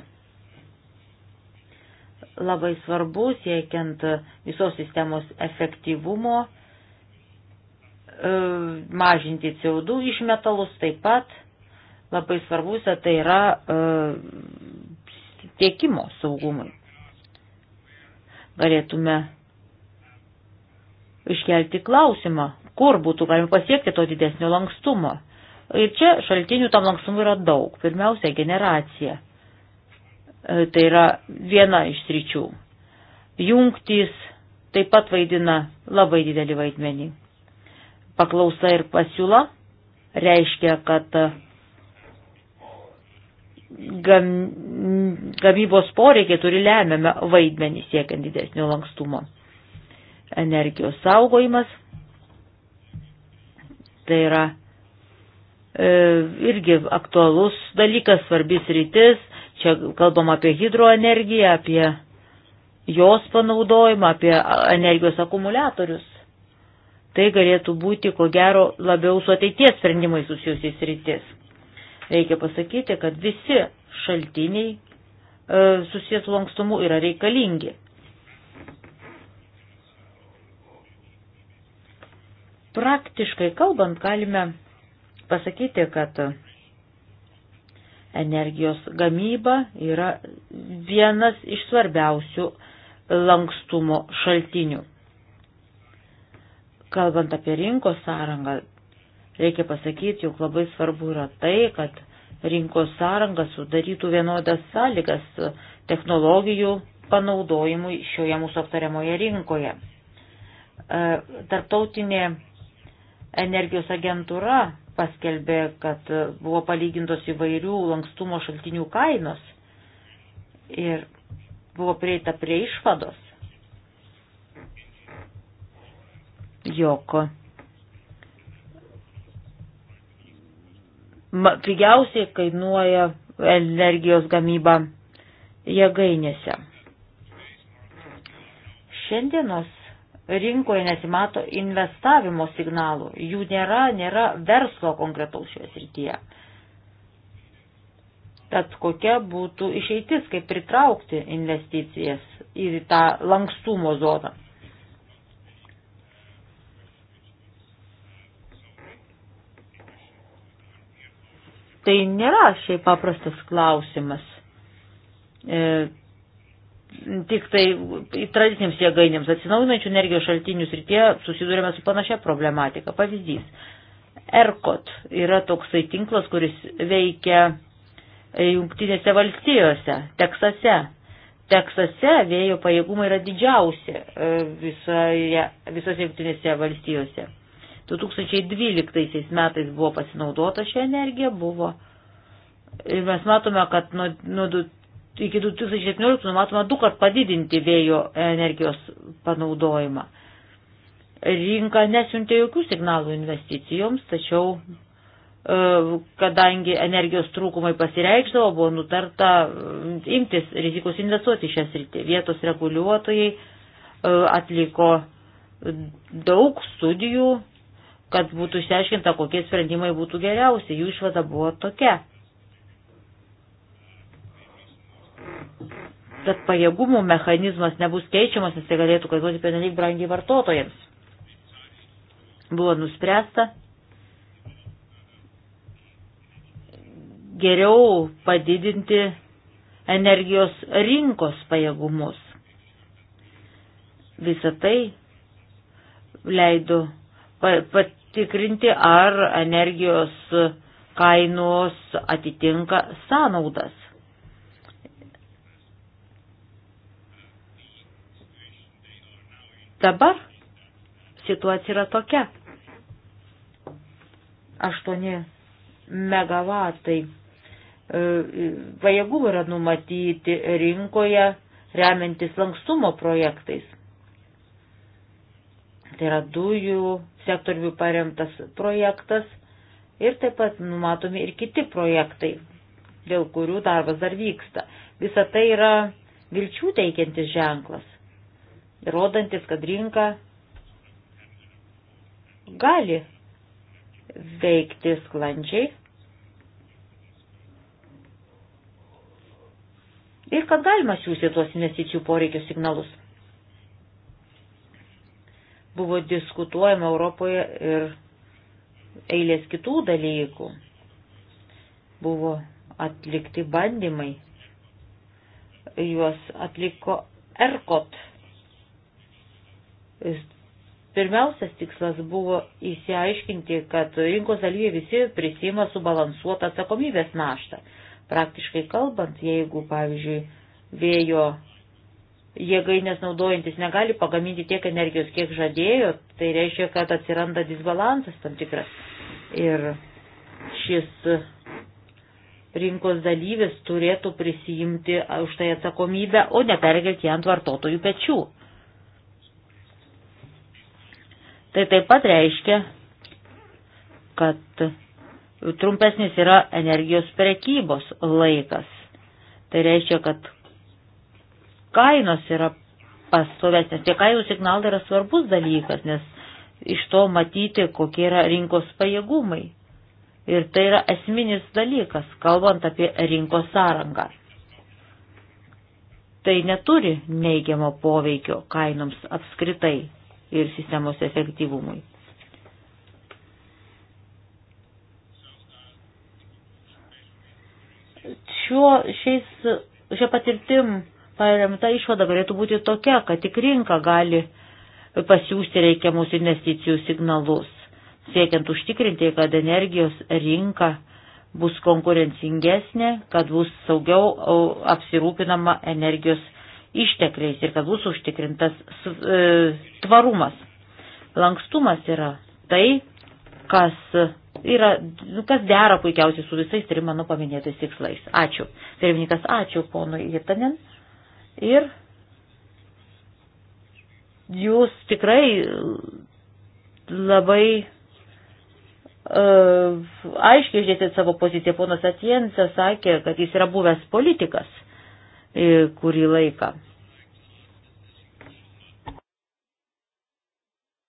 Labai svarbu siekiant visos sistemos efektyvumo, e, mažinti CO2 išmetalus taip pat labai svarbus, tai yra e, tiekimo saugumai. Galėtume iškelti klausimą, kur būtų galima pasiekti to didesnio lankstumo. Ir čia šaltinių tam lankstumui yra daug. Pirmiausia, generacija. E, tai yra viena iš sričių. Jungtys taip pat vaidina labai didelį vaidmenį. Paklausa ir pasiūla reiškia, kad gamybos poreikiai turi lemiamą vaidmenį siekiant didesnio lankstumo. Energijos saugojimas tai yra e, irgi aktualus dalykas, svarbis rytis. Čia kalbam apie hidroenergiją, apie jos panaudojimą, apie energijos akumuliatorius. Tai galėtų būti, ko gero, labiau su ateities sprendimai susijusiais rytis. Reikia pasakyti, kad visi šaltiniai e, susijęs su lankstumu yra reikalingi. Praktiškai kalbant, galime pasakyti, kad energijos gamyba yra vienas iš svarbiausių lankstumo šaltinių. Kalbant apie rinkos sąrangą, Reikia pasakyti, jog labai svarbu yra tai, kad rinkos sąranga sudarytų vienodas sąlygas technologijų panaudojimui šioje mūsų aptariamoje rinkoje. E, tarptautinė energijos agentūra paskelbė, kad buvo palygintos įvairių lankstumo šaltinių kainos ir buvo prieita prie išvados, jog pigiausiai kainuoja energijos gamyba jėgainėse. Šiandienos rinkoje nesimato investavimo signalų, jų nėra, nėra verslo konkretaus šioje srityje. Tad kokia būtų išeitis, kaip pritraukti investicijas į tą lankstumo zoną? tai nėra šiaip paprastas klausimas. E, tik tai tradicinėms jėgainėms atsinaujinančių energijos šaltinių srityje susidurėme su panašia problematika. Pavyzdys. ERCOT yra toksai tinklas, kuris veikia Junktinėse valstijose, Teksase. Teksase vėjo pajėgumai yra didžiausi e, visoje, visose Junktinėse valstijose. 2012 metais buvo pasinaudota šią energiją, buvo. Ir mes matome, kad nuo, nuo iki 2017 numatoma du kart padidinti vėjo energijos panaudojimą. Rinka nesiuntė jokių signalų investicijoms, tačiau e, kadangi energijos trūkumai pasireikšdavo, buvo nutarta e, imtis rizikos investuoti šią sritį. Vietos reguliuotojai e, atliko daug studijų, kad būtų išsiaiškinta, kokie sprendimai būtų geriausi. Jų išvada buvo tokia. Tad pajėgumų mechanizmas nebus keičiamas, nes tai galėtų kainuoti pernelyg brangiai vartotojams. Buvo nuspręsta geriau padidinti energijos rinkos pajėgumus. Visą tai leido pat užtikrinti, ar energijos kainos atitinka sąnaudas. Dabar situacija yra tokia. 8 megavatai e, pajėgumų yra numatyti rinkoje remiantis lankstumo projektais. Tai yra dujų sektorių paremtas projektas ir taip pat numatomi ir kiti projektai, dėl kurių darbas dar vyksta. Visa tai yra vilčių teikiantis ženklas, rodantis, kad rinka gali veikti sklandžiai ir kad galima siūsti tuos investicijų poreikio signalus buvo diskutuojama Europoje ir eilės kitų dalykų. Buvo atlikti bandymai. Juos atliko ERKOT. Pirmiausias tikslas buvo įsiaiškinti, kad rinkos dalyviai visi prisima subalansuotą atsakomybės naštą. Praktiškai kalbant, jeigu, pavyzdžiui, vėjo jėgainės naudojantis negali pagaminti tiek energijos, kiek žadėjo, tai reiškia, kad atsiranda disbalansas tam tikras. Ir šis rinkos dalyvis turėtų prisijimti už tai atsakomybę, o ne perkelti ant vartotojų pečių. Tai taip pat reiškia, kad trumpesnis yra energijos prekybos laikas. Tai reiškia, kad kainos yra pastovesnės. Tie kainų signalai yra svarbus dalykas, nes iš to matyti, kokie yra rinkos pajėgumai. Ir tai yra esminis dalykas, kalbant apie rinkos sąrangą. Tai neturi neigiamo poveikio kainoms apskritai ir sistemos efektyvumui. Šiuo, šiais, šią patirtim paremta išvada galėtų būti tokia, kad tik rinka gali pasiūsti reikiamus investicijų signalus, siekiant užtikrinti, kad energijos rinka bus konkurencingesnė, kad bus saugiau apsirūpinama energijos ištekliais ir kad bus užtikrintas e, tvarumas. Lankstumas yra tai, kas, yra, kas dera puikiausiai su visais trim mano paminėtais tikslais. Ačiū. Pirmininkas, ačiū ponui Jetanin. Ir jūs tikrai labai uh, aiškiai išdėstėt savo poziciją. Ponas Atjensas sakė, kad jis yra buvęs politikas uh, kurį laiką.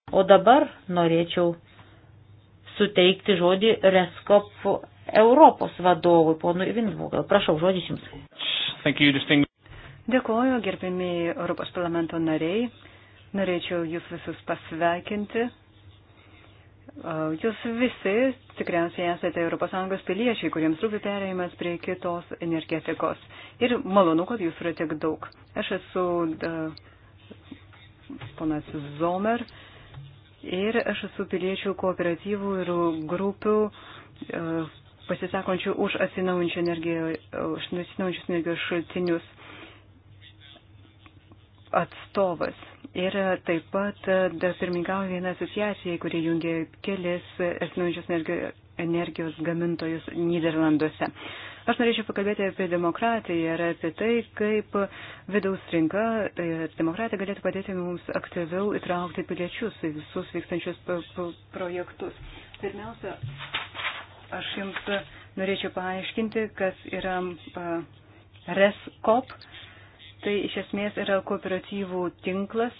O dabar norėčiau suteikti žodį Reskop Europos vadovui, ponui Vindvogal. Prašau, žodis jums. Thank you, Dėkoju, gerbėmiai Europos parlamento nariai. Norėčiau jūs visus pasveikinti. Jūs visi tikriausiai esate ES piliečiai, kuriems rūpi perėjimas prie kitos energetikos. Ir malonu, kad jūs yra tiek daug. Aš esu uh, ponas Zomer ir aš esu piliečių kooperatyvų ir grupių uh, pasisakančių už atsinaujančius energijos šaltinius atstovas. Ir taip pat e, dar pirmininkauja viena asociacija, kuri jungia kelis atsinaujančios energijos gamintojus Niderlanduose. Aš norėčiau pakalbėti apie demokratiją ir apie tai, kaip vidaus rinka ir e, demokratija galėtų padėti mums aktyviau įtraukti piliečius į visus vykstančius projektus. Pirmiausia, aš jums norėčiau paaiškinti, kas yra RESCOP Tai iš esmės yra kooperatyvų tinklas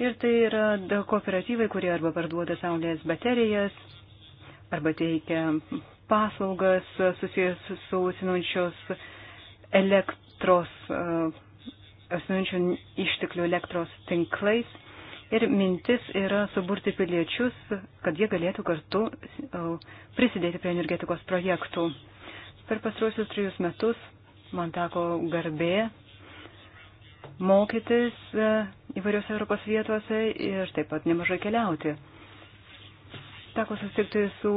ir tai yra kooperatyvai, kurie arba parduoda saulės baterijas, arba teikia paslaugas susijęs su atsinaujančios elektros, atsinaujančių išteklių elektros tinklais. Ir mintis yra suburti piliečius, kad jie galėtų kartu prisidėti prie energetikos projektų. Per pastruosius trijus metus man teko garbė mokytis e, įvairiose Europos vietose ir taip pat nemažai keliauti. Teko susitikti su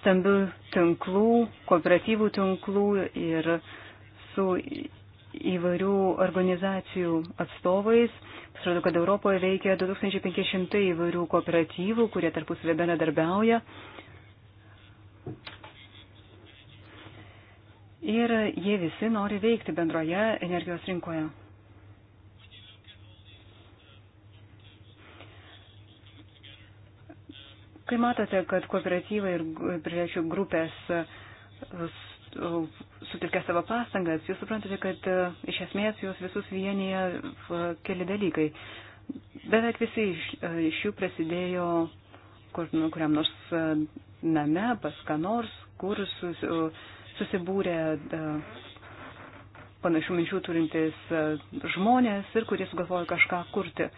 stambių tinklų, kooperatyvų tinklų ir su įvairių organizacijų atstovais. Pasirodo, kad Europoje veikia 2500 įvairių kooperatyvų, kurie tarpusavė bendradarbiauja ir jie visi nori veikti bendroje energijos rinkoje. Kai matote, kad kooperatyvai ir priešių grupės uh, sutelkia savo pastangas, jūs suprantate, kad uh, iš esmės jūs visus vienyje uh, keli dalykai. Beveik visi iš, iš jų prasidėjo kur, nu, kuriam nors name, pas ką nors, kur su, su, susibūrė e, panašių minčių turintis e, žmonės ir kurie sugalvojo kažką kurti.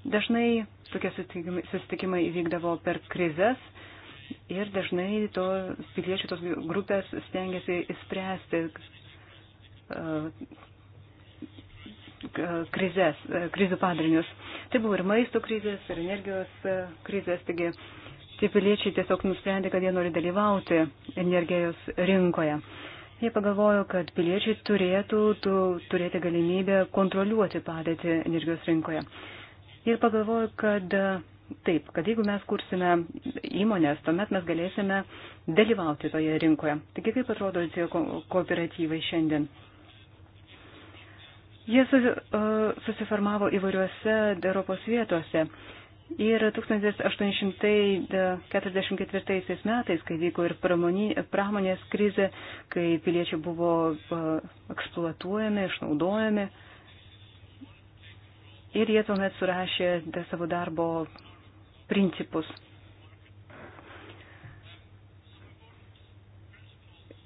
Dažnai tokie susitikimai įvykdavo per krizės ir dažnai to piliečių tos grupės stengiasi įspręsti e, krizės, krizių padarinius. Tai buvo ir maisto krizės, ir energijos krizės, taigi Tie piliečiai tiesiog nusprendė, kad jie nori dalyvauti energijos rinkoje. Jie pagalvojo, kad piliečiai turėtų tu, turėti galimybę kontroliuoti padėtį energijos rinkoje. Ir pagalvojo, kad e, taip, kad jeigu mes kursime įmonės, tuomet mes galėsime dalyvauti toje rinkoje. Taigi kaip atrodo tie kooperatyvai šiandien? Jie e, susiformavo įvairiuose Europos vietose. Uh, Ir 1844 metais, kai vyko ir pramonės krizė, kai piliečiai buvo eksploatuojami, išnaudojami, ir jie tuomet surašė savo darbo principus.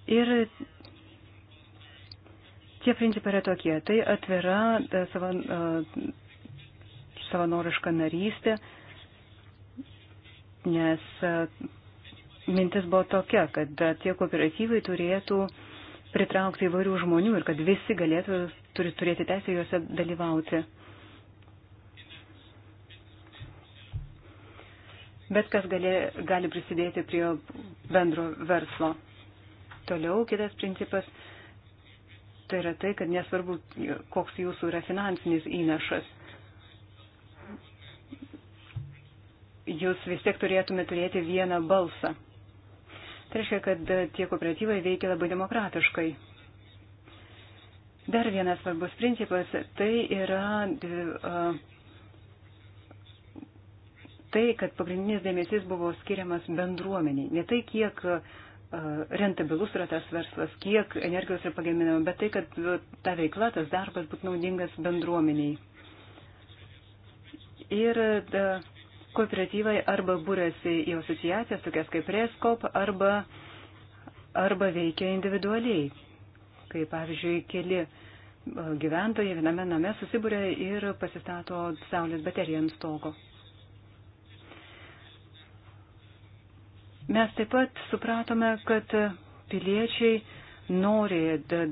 Ir tie principai yra tokie. Tai atvira savan, savanorišką narystę, nes e, mintis buvo tokia, kad tie kooperatyvai turėtų pritraukti įvairių žmonių ir kad visi galėtų turi, turėti teisę juose dalyvauti. Bet kas gali, gali prisidėti prie bendro verslo. Toliau kitas principas tai yra tai, kad nesvarbu, koks jūsų yra finansinis įnašas. jūs vis tiek turėtume turėti vieną balsą. Tai reiškia, kad tie kooperatyvai veikia labai demokratiškai. Dar vienas svarbus principas tai yra tai, kad pagrindinis dėmesys buvo skiriamas bendruomeniai. Ne tai, kiek rentabilus yra tas verslas, kiek energijos yra pagaminama, bet tai, kad ta veikla, tas darbas būtų naudingas bendruomeniai. Ir da, kooperatyvai arba būrėsi į asociacijas, tokias kaip Reskop, arba, arba veikia individualiai. Kaip pavyzdžiui, keli e, gyventojai viename name susibūrė ir pasistato saulės bateriją ant stogo. Mes taip pat supratome, kad piliečiai nori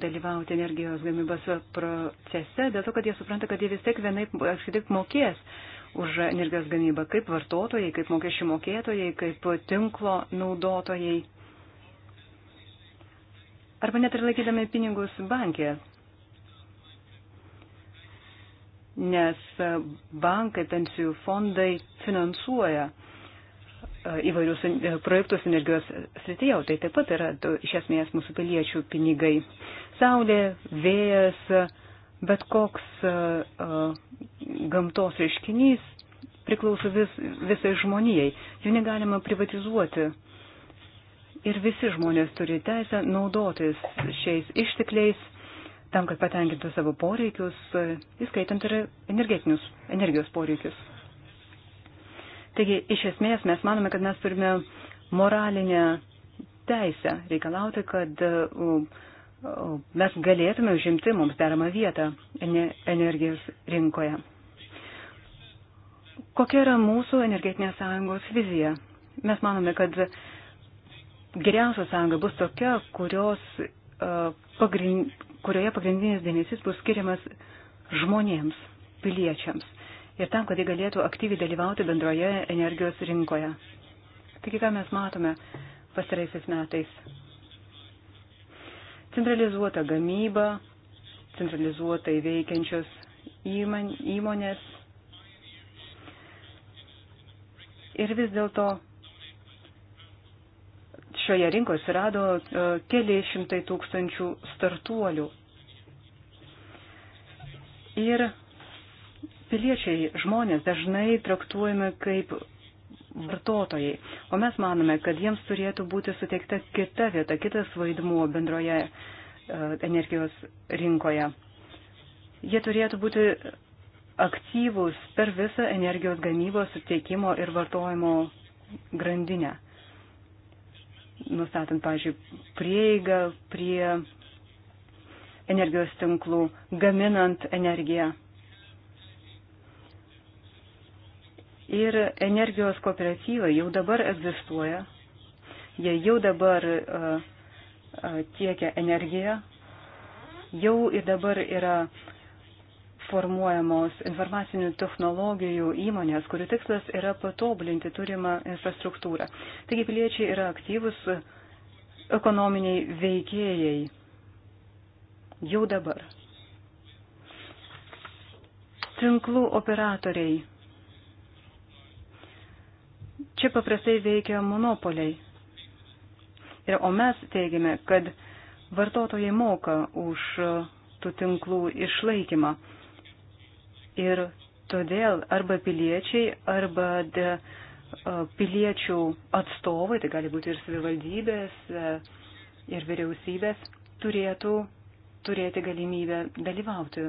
dalyvauti energijos gamybos procese, dėl to, kad jie supranta, kad jie vis tiek vienaip ar kitaip mokės uh, už energijos gamybą kaip vartotojai, kaip mokesčių mokėtojai, kaip tinklo naudotojai. Arba net ir laikydami pinigus bankė. Nes bankai, pensijų fondai finansuoja e, įvairius e, projektus energijos srityje, tai taip pat yra e, iš esmės mūsų piliečių pinigai. Saulė, vėjas, bet koks gamtos reiškinys priklauso vis, visai žmonijai. Jų negalima privatizuoti. Ir visi žmonės turi teisę naudotis šiais ištekliais tam, kad patenkintų savo poreikius, įskaitant ir energetinius, energijos poreikius. Taigi, iš esmės, mes manome, kad mes turime moralinę teisę reikalauti, kad mes galėtume užimti mums deramą vietą energijos rinkoje. Kokia yra mūsų energetinės sąjungos vizija? Mes manome, kad geriausia sąjunga bus tokia, kurios, uh, pagrind, kurioje pagrindinis dėmesys bus skiriamas žmonėms, piliečiams ir tam, kad jie galėtų aktyviai dalyvauti bendroje energijos rinkoje. Taigi, ką mes matome pastaraisiais metais? Centralizuota gamyba, centralizuotai veikiančios įmonės, Ir vis dėlto šioje rinkoje atsirado e, keli šimtai tūkstančių startuolių. Ir piliečiai, žmonės dažnai traktuojami kaip vartotojai, o mes manome, kad jiems turėtų būti suteikta kita vieta, kitas vaidmuo bendroje e, energijos rinkoje. Jie turėtų būti aktyvūs per visą energijos gamybos, suteikimo ir vartojimo grandinę. Nustatant, pažiūrėjau, prieigą prie energijos tinklų, gaminant energiją. Ir energijos kooperatyvai jau dabar egzistuoja, jie jau dabar uh, uh, tiekia energiją, jau ir dabar yra uh, formuojamos informacinių technologijų įmonės, kurių tikslas yra patobulinti turimą infrastruktūrą. Taigi piliečiai yra aktyvus ekonominiai veikėjai jau dabar. Tinklų operatoriai. Čia paprastai veikia monopoliai. Ir, o mes teigiame, kad vartotojai moka už tų tinklų išlaikymą. Ir todėl arba piliečiai, arba de, piliečių atstovai, tai gali būti ir savivaldybės, e, ir vyriausybės, turėtų turėti galimybę dalyvauti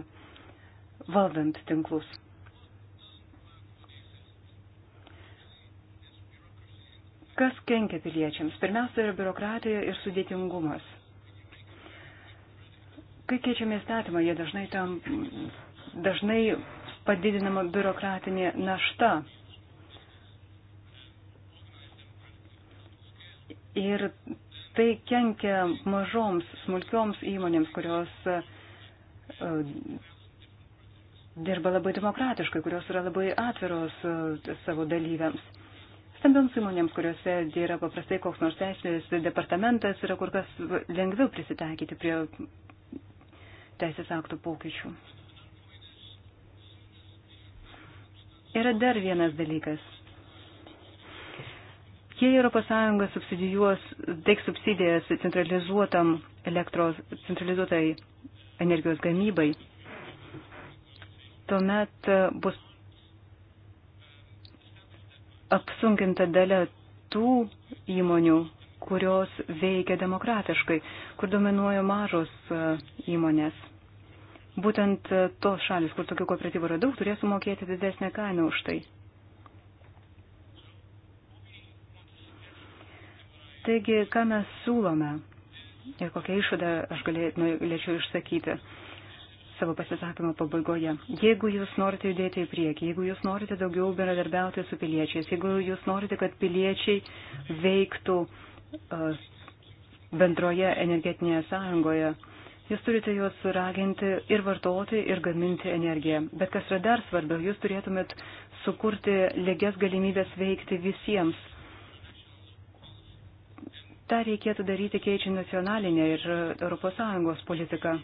valdant tinklus. Kas kenkia piliečiams? Pirmiausia yra biurokratija ir sudėtingumas. Kai keičiame įstatymą, jie dažnai tam dažnai padidinama biurokratinė našta. Ir tai kenkia mažoms, smulkioms įmonėms, kurios e, dirba labai demokratiškai, kurios yra labai atviros e, savo dalyviams. Stambioms įmonėms, kuriuose yra paprastai koks nors teisės departamentas, yra kur kas lengviau prisitaikyti prie teisės aktų pokyčių. Yra dar vienas dalykas. Jei ES subsidijuos, teiks subsidijas centralizuotam elektros, centralizuotai energijos gamybai, tuomet e, bus apsunkinta dalė tų įmonių, kurios veikia demokratiškai, kur dominuoja mažos e, įmonės būtent tos šalis, kur tokių kooperatyvų yra daug, turės sumokėti didesnę kainą už tai. Taigi, ką mes siūlome ir kokią išvadą aš galėčiau išsakyti savo pasisakymo pabaigoje. Jeigu jūs norite judėti į priekį, jeigu jūs norite daugiau bendradarbiauti su piliečiais, jeigu jūs norite, kad piliečiai veiktų uh, bendroje energetinėje sąjungoje, uh, Jūs turite juos raginti ir vartoti, ir gaminti energiją. Bet kas yra dar svarbiau, jūs turėtumėt sukurti lygias galimybės veikti visiems. Ta reikėtų daryti keičiant nacionalinę ir ES politiką.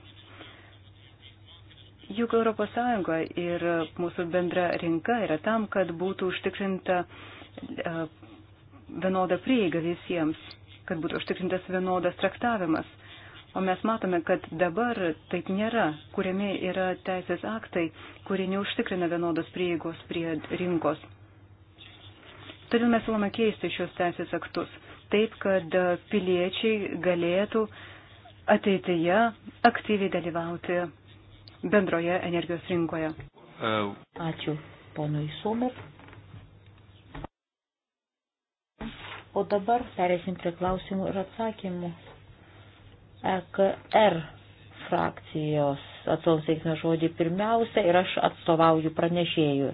Juk ES ir mūsų bendra rinka yra tam, kad būtų užtikrinta e, vienoda prieiga visiems, kad būtų užtikrintas vienodas traktavimas. O mes matome, kad dabar taip nėra, kuriami yra teisės aktai, kurie neužtikrina vienodos prieigos prie rinkos. Todėl mes siūlome keisti šios teisės aktus taip, kad piliečiai galėtų ateityje aktyviai dalyvauti bendroje energijos rinkoje. Uh, Ačiū ponui Sumer. O dabar perėsim prie klausimų ir atsakymų EKR frakcijos atstovus teiksime žodį pirmiausia ir aš atstovauju pranešėjui.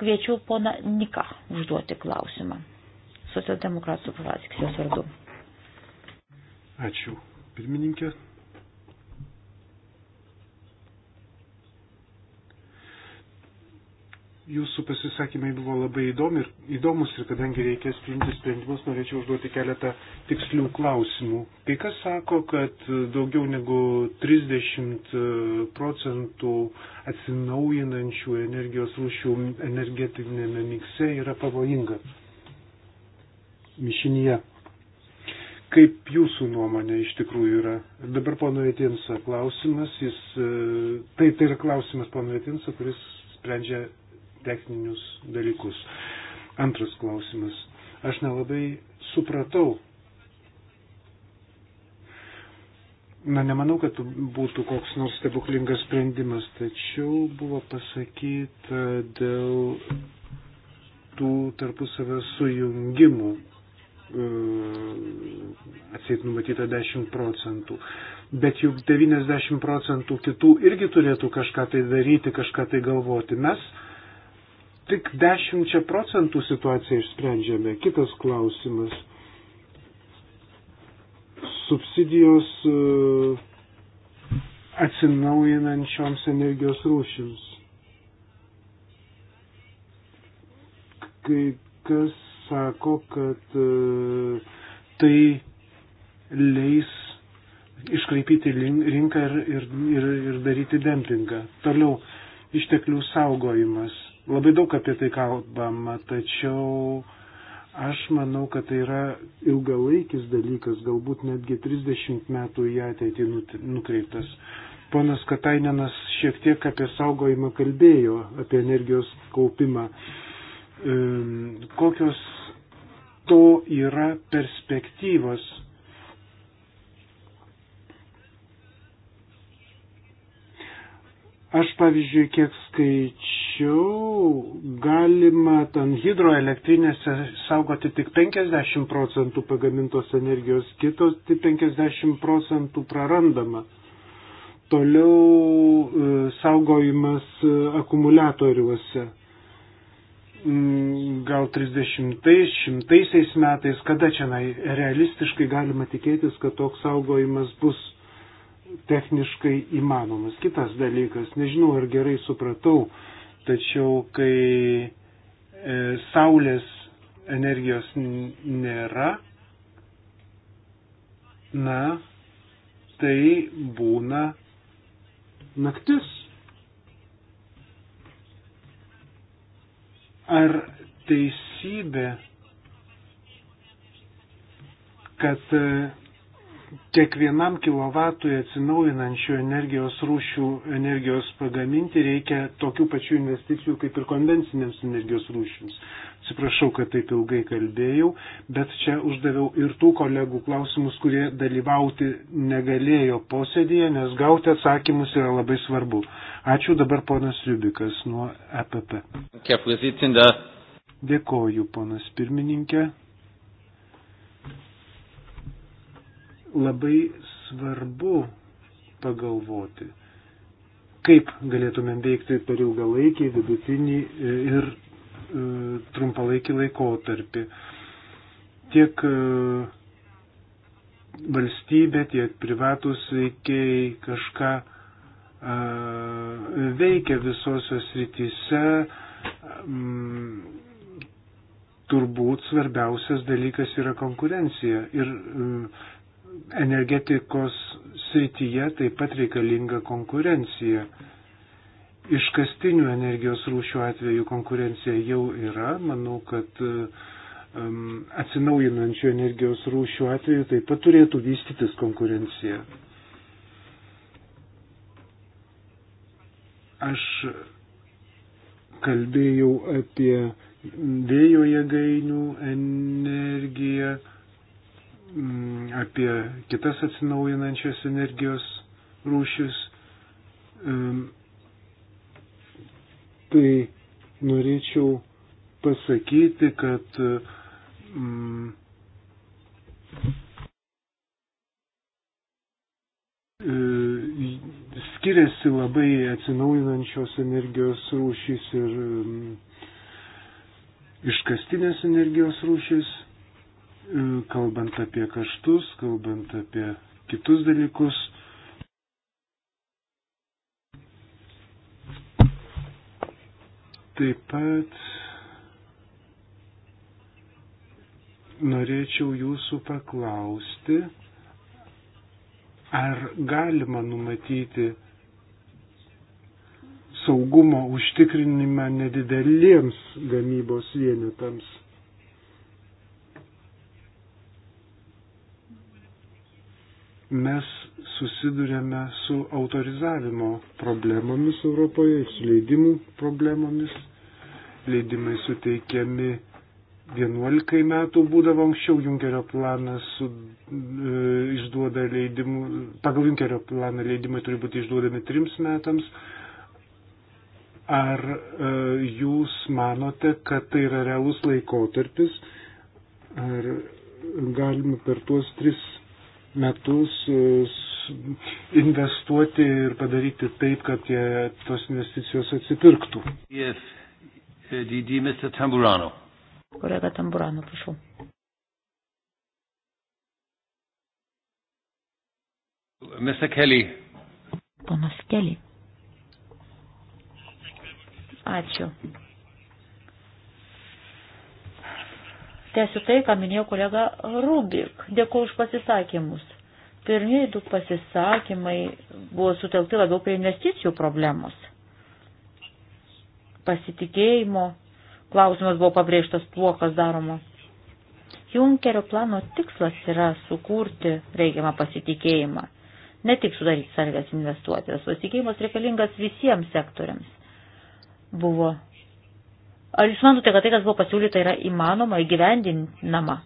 Kviečiu pona Nika užduoti klausimą. Socialdemokratų frakcijos vardu. Ačiū. Pirmininkė, Jūsų pasisakymai buvo labai įdomi, įdomus ir kadangi reikės priimti sprendimus, norėčiau užduoti keletą tikslių klausimų. Kai kas sako, kad daugiau negu 30 e, procentų atsinaujinančių energijos rūšių energetinėme mikse yra pavojinga mišinyje. Kaip jūsų nuomonė iš tikrųjų yra? Dabar pono Vietinsa klausimas, jis, e, tai, tai yra klausimas pono Vietinsa, kuris sprendžia techninius dalykus. Antras klausimas. Aš nelabai supratau. Na, nemanau, kad būtų koks nors stebuklingas sprendimas, tačiau buvo pasakyta dėl tų tarpusavio sujungimų e, atseit numatyta 10 procentų. Bet juk 90 procentų kitų irgi turėtų kažką tai daryti, kažką tai galvoti. Mes tik 10 procentų situaciją išsprendžiame. Kitas klausimas. Subsidijos e, atsinaujinančioms energijos rūšims. Kai kas sako, kad e, tai leis iškraipyti rinką ir, ir, ir, ir daryti dempingą. Toliau išteklių saugojimas Labai daug apie tai kalbama, tačiau aš manau, kad tai yra ilgalaikis dalykas, galbūt netgi 30 metų į ateitį nukreiptas. Ponas Katainenas šiek tiek apie saugojimą kalbėjo, apie energijos kaupimą. Ehm, kokios to yra perspektyvos Aš pavyzdžiui, kiek skaičiau, galima ten hidroelektrinėse saugoti tik 50 procentų pagamintos energijos, kitos tik 50 procentų prarandama. Toliau e, saugojimas e, akumuliatoriuose. Mm, gal 30-100 metais, kada čia realistiškai galima tikėtis, kad toks saugojimas bus techniškai įmanomas. Kitas dalykas, nežinau ar gerai supratau, tačiau kai e, saulės energijos nėra, na, tai būna naktis. Ar teisybė, kad e, kiekvienam kilovatui atsinaujinančių energijos rūšių energijos pagaminti reikia tokių pačių investicijų kaip ir konvencinėms energijos rūšims. Atsiprašau, kad taip ilgai kalbėjau, bet čia uždaviau ir tų kolegų klausimus, kurie dalyvauti negalėjo posėdėje, nes gauti atsakymus yra labai svarbu. Ačiū dabar ponas Liubikas nuo EPP. Dėkoju, ponas pirmininkė. labai svarbu pagalvoti, kaip galėtumėm veikti per ilgalaikį, vidutinį ir e, trumpalaikį laikotarpį. Tiek e, valstybė, tiek privatus veikiai kažką e, veikia visosios rytise. Mm, turbūt svarbiausias dalykas yra konkurencija ir energetikos srityje taip pat reikalinga konkurencija. Iškastinių energijos rūšių atveju konkurencija jau yra. Manau, kad um, atsinaujinančių energijos rūšių atveju taip pat turėtų vystytis konkurencija. Aš kalbėjau apie vėjo jėgainių energiją Mm, apie kitas atsinaujinančias energijos rūšis. Tai norėčiau pasakyti, kad mm, e, skiriasi labai atsinaujinančios energijos rūšys ir mm, iškastinės energijos rūšys kalbant apie kaštus, kalbant apie kitus dalykus. Taip pat norėčiau jūsų paklausti, ar galima numatyti saugumo užtikrinimą nedideliems gamybos vienetams. mes susidurėme su autorizavimo problemomis Europoje, su leidimų problemomis. Leidimai suteikiami 11 metų būdavo anksčiau Junkerio planas su, e, išduoda leidimų, pagal Junkerio planą leidimai turi būti išduodami 3 metams. Ar e, jūs manote, kad tai yra realus laikotarpis? Ar galima per tuos 3 metus investuoti ir padaryti taip, kad tie, tos investicijos atsipirktų. Yes. DD Mr. Tamburano. Kolega Tamburano, prašau. Mr. Kelly. Ponas Kelly. Ačiū. Tęsiu tai, ką minėjo kolega Rubik. Dėkuoju už pasisakymus. Pirmieji du pasisakymai buvo sutelkti labiau prie investicijų problemos. Pasitikėjimo klausimas buvo pabrėžtas tuo, kas daroma. Junkerio plano tikslas yra sukurti reikiamą pasitikėjimą. Ne tik sudaryti sąlygas investuoti, tas pasitikėjimas reikalingas visiems sektoriams. Buvo Ar jūs manote, kad tai, kas buvo pasiūlyta, yra įmanoma, įgyvendinama?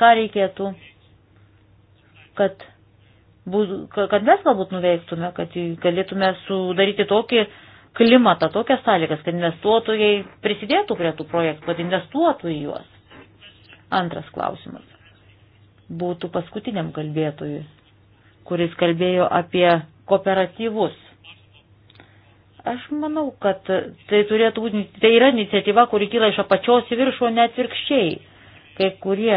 Ką reikėtų, kad, kad mes galbūt nuveiktume, kad galėtume sudaryti tokį klimatą, tokias sąlygas, kad investuotojai prisidėtų prie tų projektų, kad investuotų į juos? Antras klausimas. Būtų paskutiniam kalbėtojui, kuris kalbėjo apie kooperatyvus. Aš manau, kad tai turėtų būti, tai yra iniciatyva, kuri kyla iš apačios į viršų, net atvirkščiai. Kai kurie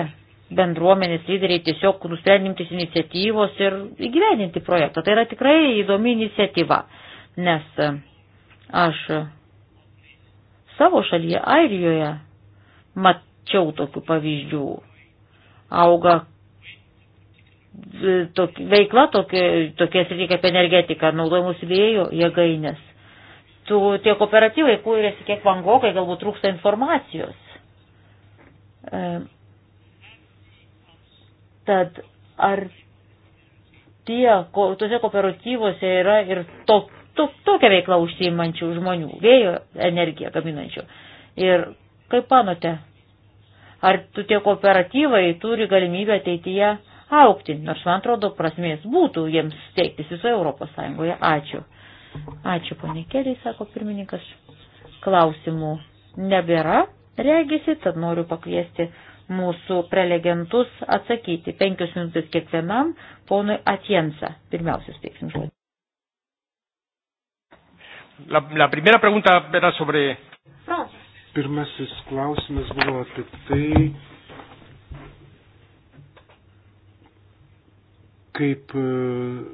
bendruomenės lyderiai tiesiog nusprendimtis iniciatyvos ir įgyvendinti projektą. Tai yra tikrai įdomi iniciatyva, nes e, aš savo šalyje, Airijoje, mačiau tokių pavyzdžių. Auga e, tok, veikla tokia, tokia srityje kaip energetika, naudojimus vėjo jėgainės tų, tie kooperatyvai kūrėsi kiek vangokai, galbūt trūksta informacijos. E, tad ar tie, ko, tuose kooperatyvose yra ir to, to, tokia veikla užsiimančių žmonių, vėjo energiją gaminančių. Ir kaip panote, ar tie kooperatyvai turi galimybę ateityje aukti, nors man atrodo prasmės būtų jiems steigtis visoje Europos Sąjungoje. Ačiū. Ačiū, ponė Keliai, sako pirmininkas. Klausimų nebėra, regisi, tad noriu pakviesti mūsų prelegentus atsakyti. Penkios minutės kiekvienam, ponui Atiensa. Pirmiausia, steiksim žodį. La, la primera pregunta era sobre. Pirmasis klausimas buvo apie tai, kaip uh,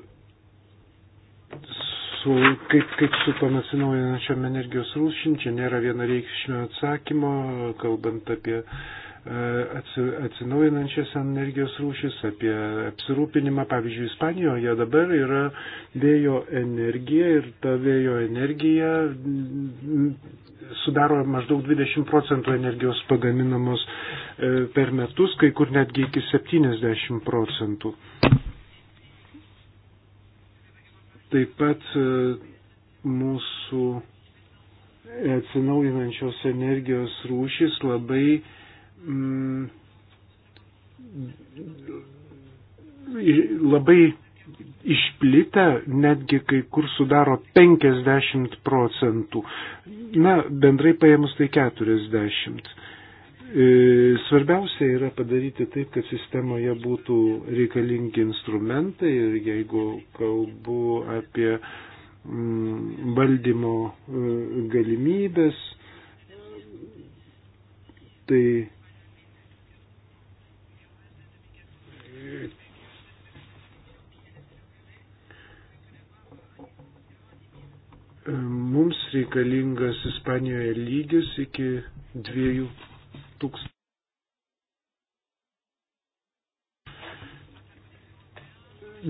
su, kaip, kaip su tom atsinaujinančiom energijos rūšim, čia nėra vienareikšmio atsakymo, kalbant apie e, atsinaujinančias energijos rūšis, apie apsirūpinimą. Pavyzdžiui, Ispanijoje dabar yra vėjo energija ir ta vėjo energija sudaro maždaug 20 procentų energijos pagaminamos e, per metus, kai kur netgi iki 70 procentų. Taip pat e, mūsų atsinaujinančios energijos rūšis labai mm, labai išplitę, netgi kai kur sudaro 50 procentų. Na, bendrai paėmus tai 40. E, svarbiausia yra padaryti taip, kad sistemoje būtų reikalingi instrumentai ir jeigu kalbu apie mm, valdymo e, galimybės, tai mums reikalingas Ispanijoje lygis iki dviejų tūkst...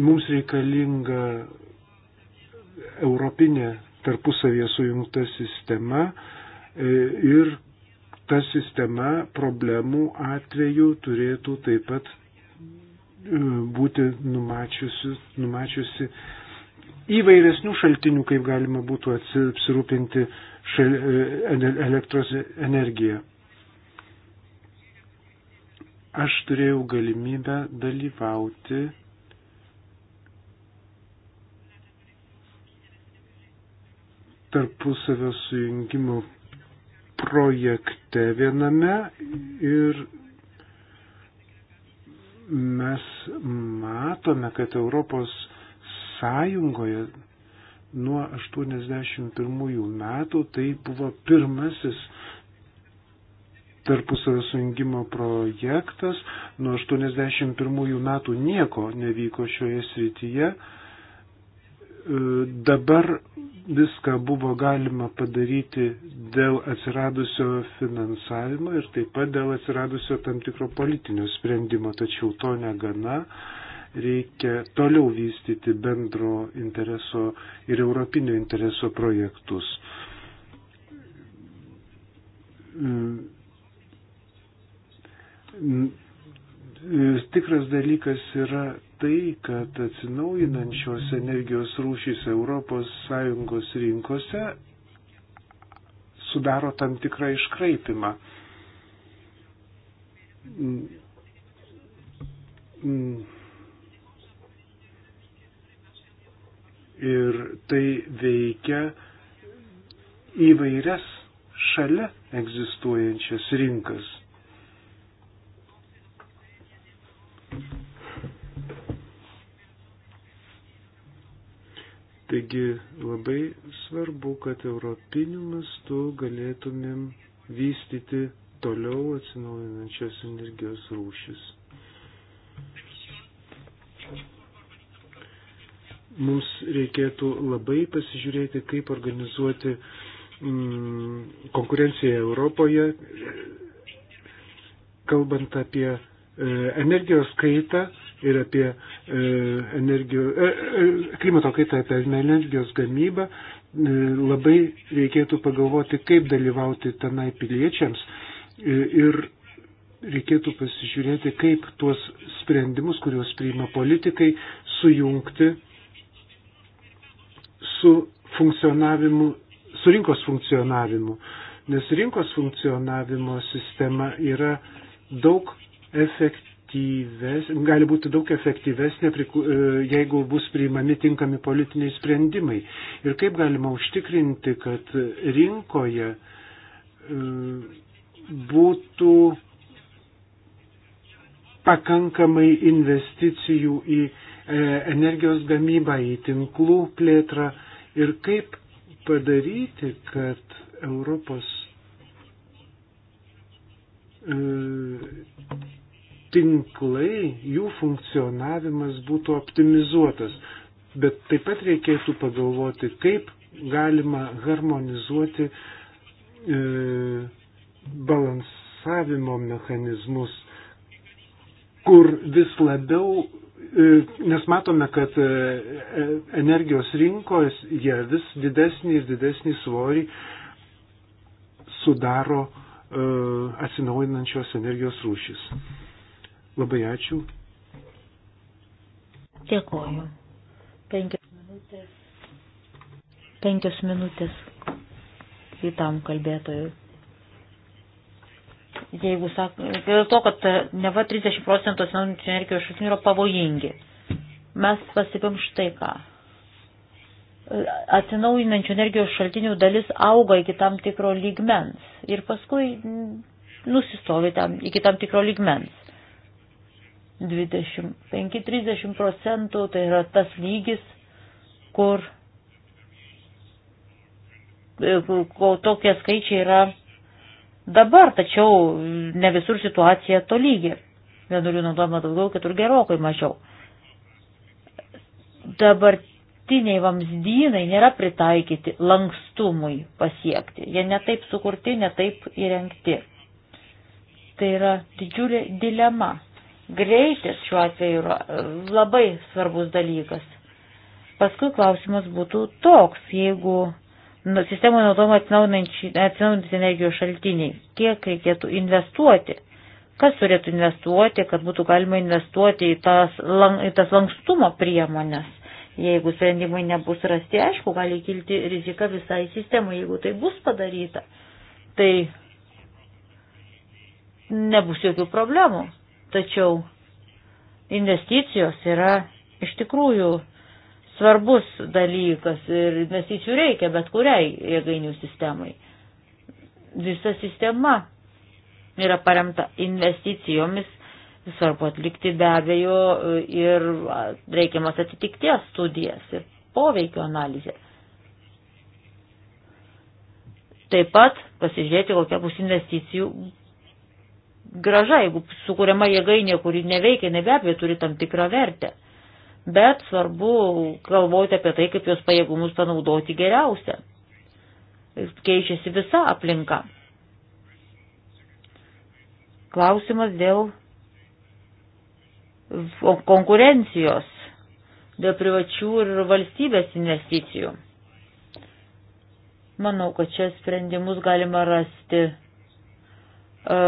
Mums reikalinga europinė tarpusavėje sujungta sistema e, ir ta sistema problemų atveju turėtų taip pat e, būti numačiusi, numačiusi įvairesnių šaltinių, kaip galima būtų apsirūpinti šal, e, elektros energiją. Aš turėjau galimybę dalyvauti tarpusavio sujungimo projekte viename ir mes matome, kad Europos Sąjungoje nuo 81 metų tai buvo pirmasis tarpusavio sujungimo projektas. Nuo 81 metų nieko nevyko šioje srityje. E, dabar viską buvo galima padaryti dėl atsiradusio finansavimo ir taip pat dėl atsiradusio tam tikro politinio sprendimo, tačiau to negana reikia toliau vystyti bendro intereso ir europinio intereso projektus. E, Tikras dalykas yra tai, kad atsinaujinančios energijos rūšys ES rinkose sudaro tam tikrą iškraipimą. Ir tai veikia įvairias šalia egzistuojančias rinkas. Taigi labai svarbu, kad europiniu mastu galėtumėm vystyti toliau atsinaujinančios energijos rūšis. Mums reikėtų labai pasižiūrėti, kaip organizuoti mm, konkurenciją Europoje, kalbant apie e, energijos kaitą ir apie e, energijo, e, e, klimato kaitą, apie energijos gamybą, e, labai reikėtų pagalvoti, kaip dalyvauti tenai piliečiams e, ir reikėtų pasižiūrėti, kaip tuos sprendimus, kuriuos priima politikai, sujungti su funkcionavimu, su rinkos funkcionavimu. Nes rinkos funkcionavimo sistema yra daug efektyvesnė efektyves, gali būti daug efektyvesnė, e, jeigu bus priimami tinkami politiniai sprendimai. Ir kaip galima užtikrinti, kad rinkoje e, būtų pakankamai investicijų į e, energijos gamybą, į tinklų plėtrą ir kaip padaryti, kad Europos tinklai, jų funkcionavimas būtų optimizuotas. Bet taip pat reikėtų pagalvoti, kaip galima harmonizuoti e, balansavimo mechanizmus, kur vis labiau, e, nes matome, kad e, e energijos rinkos jie vis didesnį ir didesnį svorį sudaro e, atsinaujinančios energijos rūšis. Labai ačiū. Dėkoju. Penkios minutės. Penkios minutės kitam kalbėtojui. Jeigu sak, dėl to, kad neva 30 procentų asmeninių energijos šaltinių yra pavojingi, mes pasipėm štai ką. Atsinaujinančių energijos šaltinių dalis auga iki tam tikro lygmens ir paskui nusistovi tam, iki tam tikro lygmens. 25-30 procentų, tai yra tas lygis, kur ko tokie skaičiai yra dabar, tačiau ne visur situacija to lygi. Vienurių naudojama daugiau, kitur gerokai mažiau. Dabartiniai vamzdynai nėra pritaikyti lankstumui pasiekti. Jie netaip sukurti, netaip įrengti. Tai yra didžiulė dilema Greitis šiuo atveju yra e, labai svarbus dalykas. Paskui klausimas būtų toks, jeigu nu, sistemoje naudojama atsinaujinantis energijos šaltiniai, kiek reikėtų investuoti, kas turėtų investuoti, kad būtų galima investuoti į tas, lang, į tas lankstumo priemonės. Jeigu sprendimai nebus rasti, aišku, gali kilti rizika visai sistemai, jeigu tai bus padaryta. Tai nebus jokių problemų. Tačiau investicijos yra iš tikrųjų svarbus dalykas ir investicijų reikia bet kuriai jėgainių sistemai. Visa sistema yra paremta investicijomis, svarbu atlikti be abejo ir reikiamas atitikties studijas ir poveikio analizę. Taip pat pasižiūrėti, kokia bus investicijų graža, jeigu sukūriama jėgainė, kuri neveikia, ne be abejo turi tam tikrą vertę. Bet svarbu galvoti apie tai, kaip jos pajėgumus panaudoti geriausia. Keičiasi visa aplinka. Klausimas dėl konkurencijos, dėl privačių ir valstybės investicijų. Manau, kad čia sprendimus galima rasti e,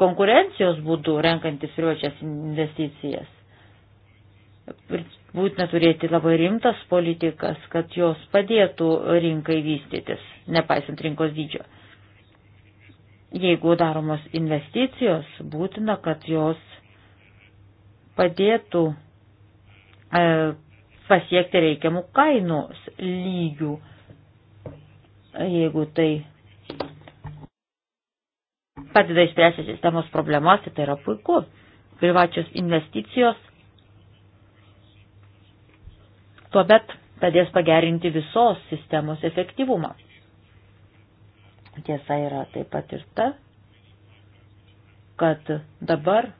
konkurencijos būdų renkantis privačias investicijas. Ir būtina turėti labai rimtas politikas, kad jos padėtų rinkai vystytis, nepaisant rinkos dydžio. Jeigu daromos investicijos, būtina, kad jos padėtų e, pasiekti reikiamų kainos lygių, jeigu tai padeda išspręsti sistemos problemas ir tai, tai yra puiku. Privačios investicijos tuomet padės pagerinti visos sistemos efektyvumą. Tiesa yra taip pat ir ta, kad dabar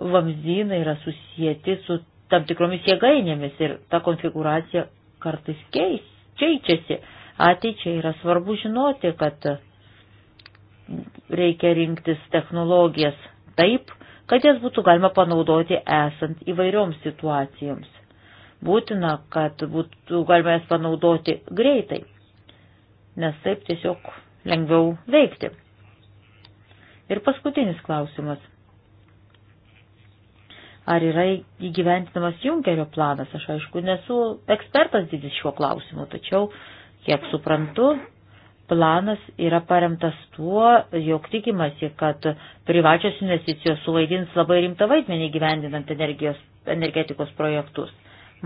vamzdynai yra susijęti su tam tikromis jėgainėmis ir ta konfiguracija kartais keis, keičiasi. Ateičiai yra svarbu žinoti, kad reikia rinktis technologijas taip, kad jas būtų galima panaudoti esant įvairioms situacijoms. Būtina, kad būtų galima jas panaudoti greitai, nes taip tiesiog lengviau veikti. Ir paskutinis klausimas. Ar yra įgyventinamas Junkerio planas? Aš aišku nesu ekspertas didis šiuo klausimu, tačiau, kiek suprantu, planas yra paremtas tuo, jog tikimasi, kad privačios investicijos suvaidins labai rimtą vaidmenį gyvendinant energijos, energetikos projektus.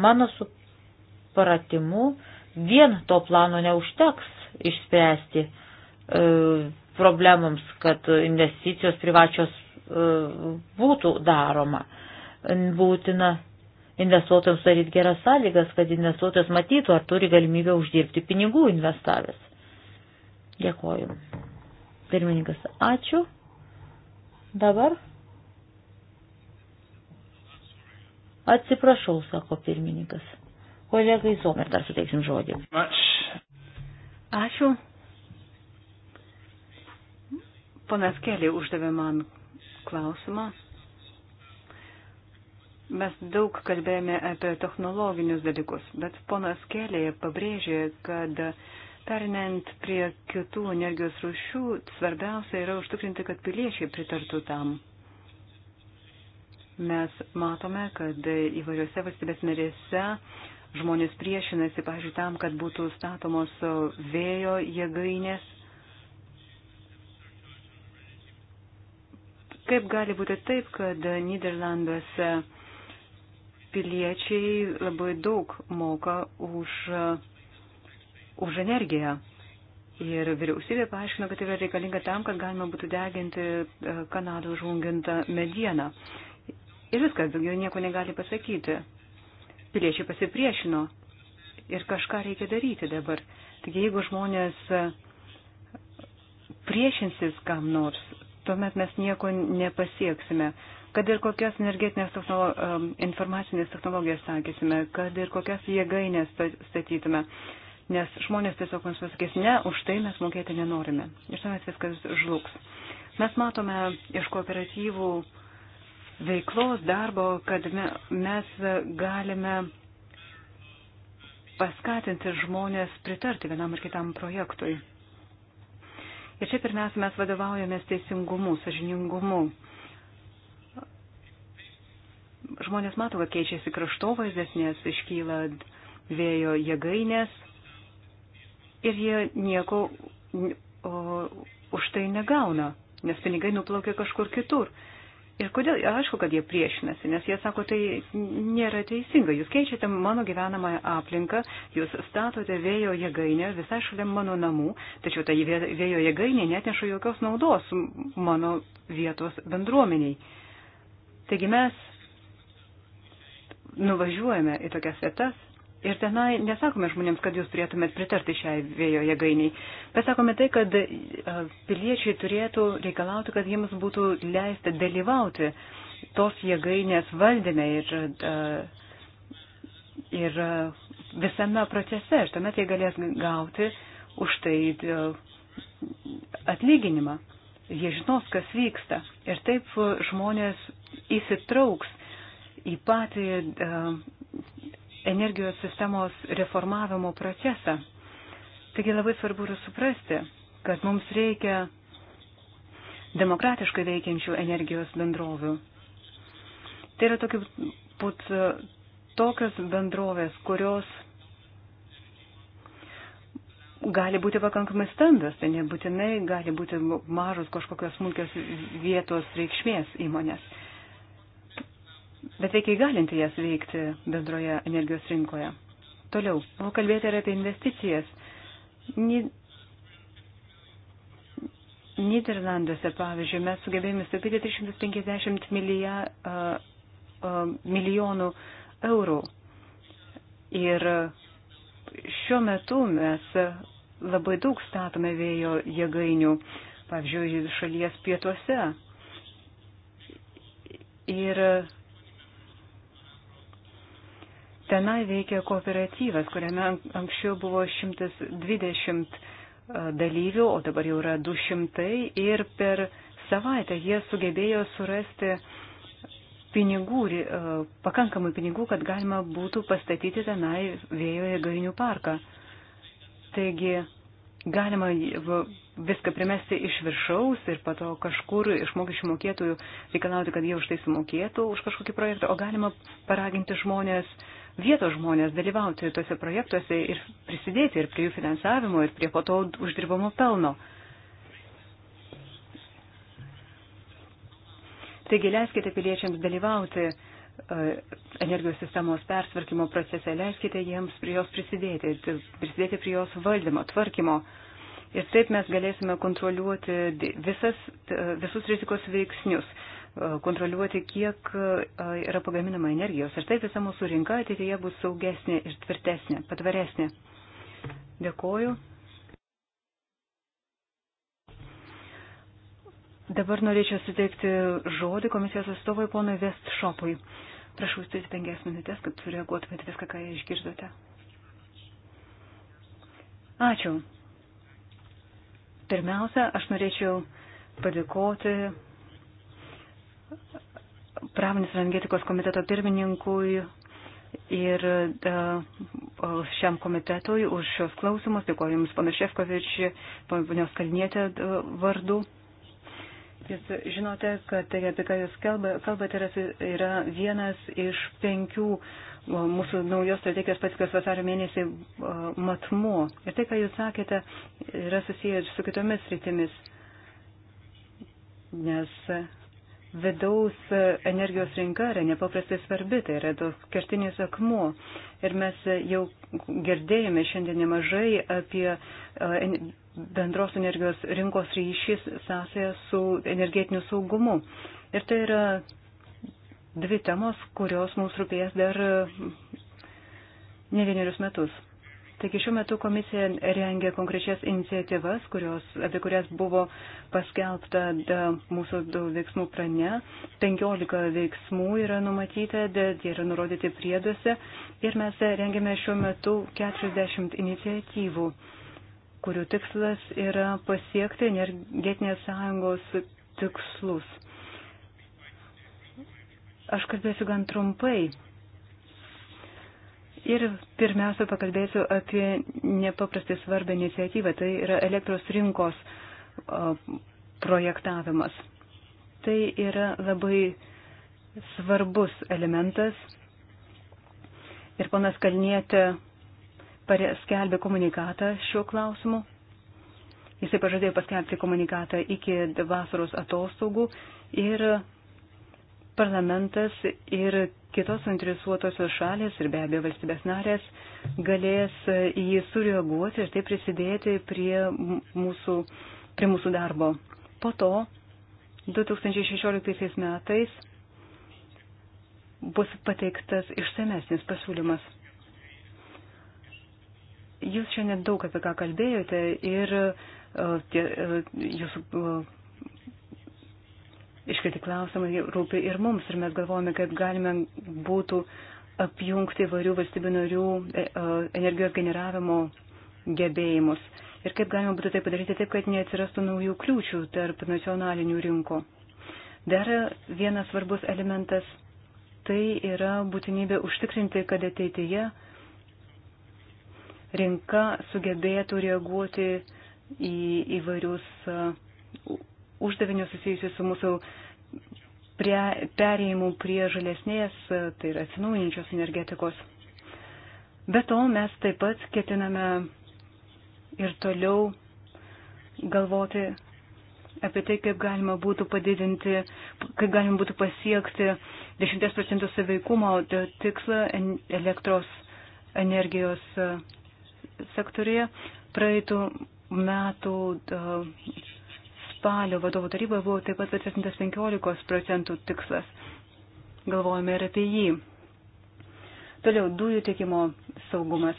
Mano supratimu, vien to plano neužteks išspręsti e, problemams, kad investicijos privačios e, būtų daroma. Būtina investuotojams daryti geras sąlygas, kad investuotojas matytų, ar turi galimybę uždirbti pinigų investavęs. Dėkoju. Pirmininkas, ačiū. Dabar. Atsiprašau, sako pirmininkas. Kolegai Zomer dar suteiksim žodį. Ačiū. Ponas Kelė uždavė man klausimą. Mes daug kalbėjome apie technologinius dalykus, bet ponas Kelė pabrėžė, kad uh, Perinant prie kitų energijos rušių, svarbiausia yra užtikrinti, kad piliečiai pritartų tam. Mes matome, kad įvairiose valstybės narėse žmonės priešinasi, pažiūrėjau, tam, kad būtų statomos vėjo jėgainės. Kaip gali būti taip, kad Niderlanduose piliečiai labai daug moka už už energiją. Ir vyriausybė paaiškino, kad tai yra reikalinga tam, kad galima būtų deginti e, Kanadą užungintą medieną. Ir viskas, daugiau nieko negali pasakyti. Piliečiai pasipriešino ir kažką reikia daryti dabar. Taigi jeigu žmonės e, priešinsis kam nors, tuomet mes nieko nepasieksime. Kad ir kokias energetinės technolo, e, informacinės technologijas sakysime, kad ir kokias jėgainės statytume, nes žmonės tiesiog mums pasakys, ne, už tai mes mokėti nenorime. Ir tuomet viskas žlugs. Mes matome iš kooperatyvų veiklos darbo, kad mes galime paskatinti žmonės pritarti vienam ar kitam projektui. Ir čia pirmiausia, mes vadovaujamės teisingumu, sažiningumu. Žmonės mato, kad keičiasi kraštovaizdės, nes iškyla vėjo jėgainės, ir jie nieko o, už tai negauna, nes pinigai nuplaukia kažkur kitur. Ir kodėl, aišku, kad jie priešinasi, nes jie sako, tai nėra teisinga, jūs keičiate mano gyvenamąją aplinką, jūs statote vėjo jėgainę visai šalia mano namų, tačiau ta vėjo jėgainė netneša jokios naudos mano vietos bendruomeniai. Taigi mes nuvažiuojame į tokias vietas Ir tenai nesakome žmonėms, kad jūs turėtumėt pritarti šiai vėjo jėgainiai, bet sakome tai, kad e, piliečiai turėtų reikalauti, kad jiems būtų leista dalyvauti tos jėgainės valdyme ir, e, ir e, visame procese. Ir tuomet jie galės gauti už tai atlyginimą. Jie žinos, kas vyksta. Ir taip žmonės įsitrauks į patį energijos sistemos reformavimo procesą. Taigi labai svarbu yra suprasti, kad mums reikia demokratiškai veikiančių energijos bendrovių. Tai yra tokiu, put, tokios bendrovės, kurios gali būti pakankamai stambios, tai nebūtinai gali būti mažos kažkokios smulkios vietos reikšmės įmonės bet reikia įgalinti jas veikti bendroje energijos rinkoje. Toliau, o kalbėti ir apie investicijas. Ni... Niderlanduose, pavyzdžiui, mes sugebėjome sutaupyti 350 milija, uh, uh, milijonų eurų. Ir šiuo metu mes labai daug statome vėjo jėgainių, pavyzdžiui, šalies pietuose. Ir uh, Tenai veikia kooperatyvas, kuriame anksčiau buvo 120 dalyvių, o dabar jau yra 200 ir per savaitę jie sugebėjo surasti pinigų, pakankamai pinigų, kad galima būtų pastatyti tenai vėjo jėgainių parką. Taigi galima viską primesti iš viršaus ir pato kažkur iš mokesčių mokėtojų reikalauti, kad jie už tai sumokėtų už kažkokį projektą, o galima paraginti žmonės uh, vietos žmonės dalyvauti tose projektuose ir prisidėti ir prie jų finansavimo, ir prie po to uždirbamo pelno. Taigi leiskite piliečiams dalyvauti e, energijos sistemos persvarkymo procese, leiskite jiems prie jos prisidėti, prisidėti prie jos valdymo, tvarkymo. Ir taip mes galėsime kontroliuoti visas, visus rizikos veiksnius kontroliuoti, kiek yra pagaminama energijos. Ir taip visa mūsų rinka ateityje bus saugesnė ir tvirtesnė, patvaresnė. Dėkoju. Dabar norėčiau suteikti žodį komisijos atstovui ponui Vestšopui. Prašau, turite penkias minutės, kad sureaguotumėt viską, ką išgirdote. Ačiū. Pirmiausia, aš norėčiau padėkoti pramonės ir energetikos komiteto pirmininkui ir e, šiam komitetui už šios klausimus. Dėkoju Jums, pana Šefkovič, ponios Kalnietė vardu. Jūs žinote, kad tai, apie ką Jūs kalbate, yra, yra vienas iš penkių mūsų naujos strategijos patikės vasario mėnesį matmuo. Ir tai, ką Jūs sakėte, yra susijęs su kitomis rytimis. Nes vidaus energijos rinka yra nepaprastai svarbi, tai yra tos kertinės akmuo. Ir mes jau girdėjome šiandien nemažai apie bendros energijos rinkos ryšys sąsąją su energetiniu saugumu. Ir tai yra dvi temos, kurios mums rūpės dar ne vienerius metus. Taigi šiuo metu komisija rengia konkrečias iniciatyvas, kurios, apie kurias buvo paskelbta da, mūsų veiksmų prane. 15 veiksmų yra numatyta, jie yra nurodyti prieduose ir mes rengiame šiuo metu 40 iniciatyvų kurių tikslas yra pasiekti energetinės sąjungos tikslus. Aš kalbėsiu gan trumpai, Ir pirmiausia, pakalbėsiu apie nepaprastai svarbę iniciatyvą, tai yra elektros rinkos projektavimas. Tai yra labai svarbus elementas. Ir ponas Kalnietė skelbė komunikatą šiuo klausimu. Jisai pažadėjo paskelbti komunikatą iki vasaros atostogų ir parlamentas ir kitos interesuotosios šalės ir be abejo valstybės narės galės į jį sureaguoti ir tai prisidėti prie mūsų, prie mūsų darbo. Po to 2016 metais bus pateiktas išsamesnis pasiūlymas. Jūs šiandien daug apie ką kalbėjote ir uh, tie, uh, jūsų uh, iškelti klausimai rūpi ir mums. Ir mes galvojame, kad galime būtų apjungti įvairių valstybių narių e, e, energijos generavimo gebėjimus. Ir kaip galima būtų tai padaryti taip, kad neatsirastų naujų kliūčių tarp nacionalinių rinkų. Dar vienas svarbus elementas tai yra būtinybė užtikrinti, kad ateityje rinka sugebėtų reaguoti į įvairius uždavinius susijusius su mūsų prie, perėjimu prie žalesnės, tai yra atsinaujinčios energetikos. Be to, mes taip pat ketiname ir toliau galvoti apie tai, kaip galima būtų padidinti, kaip galima būtų pasiekti 10 procentų saveikumo tikslą elektros energijos e, sektorėje. Praeitų metų e, spalio vadovų taryboje buvo taip pat patvirtintas 15 procentų tikslas. Galvojame ir apie jį. Toliau dujų tiekimo saugumas.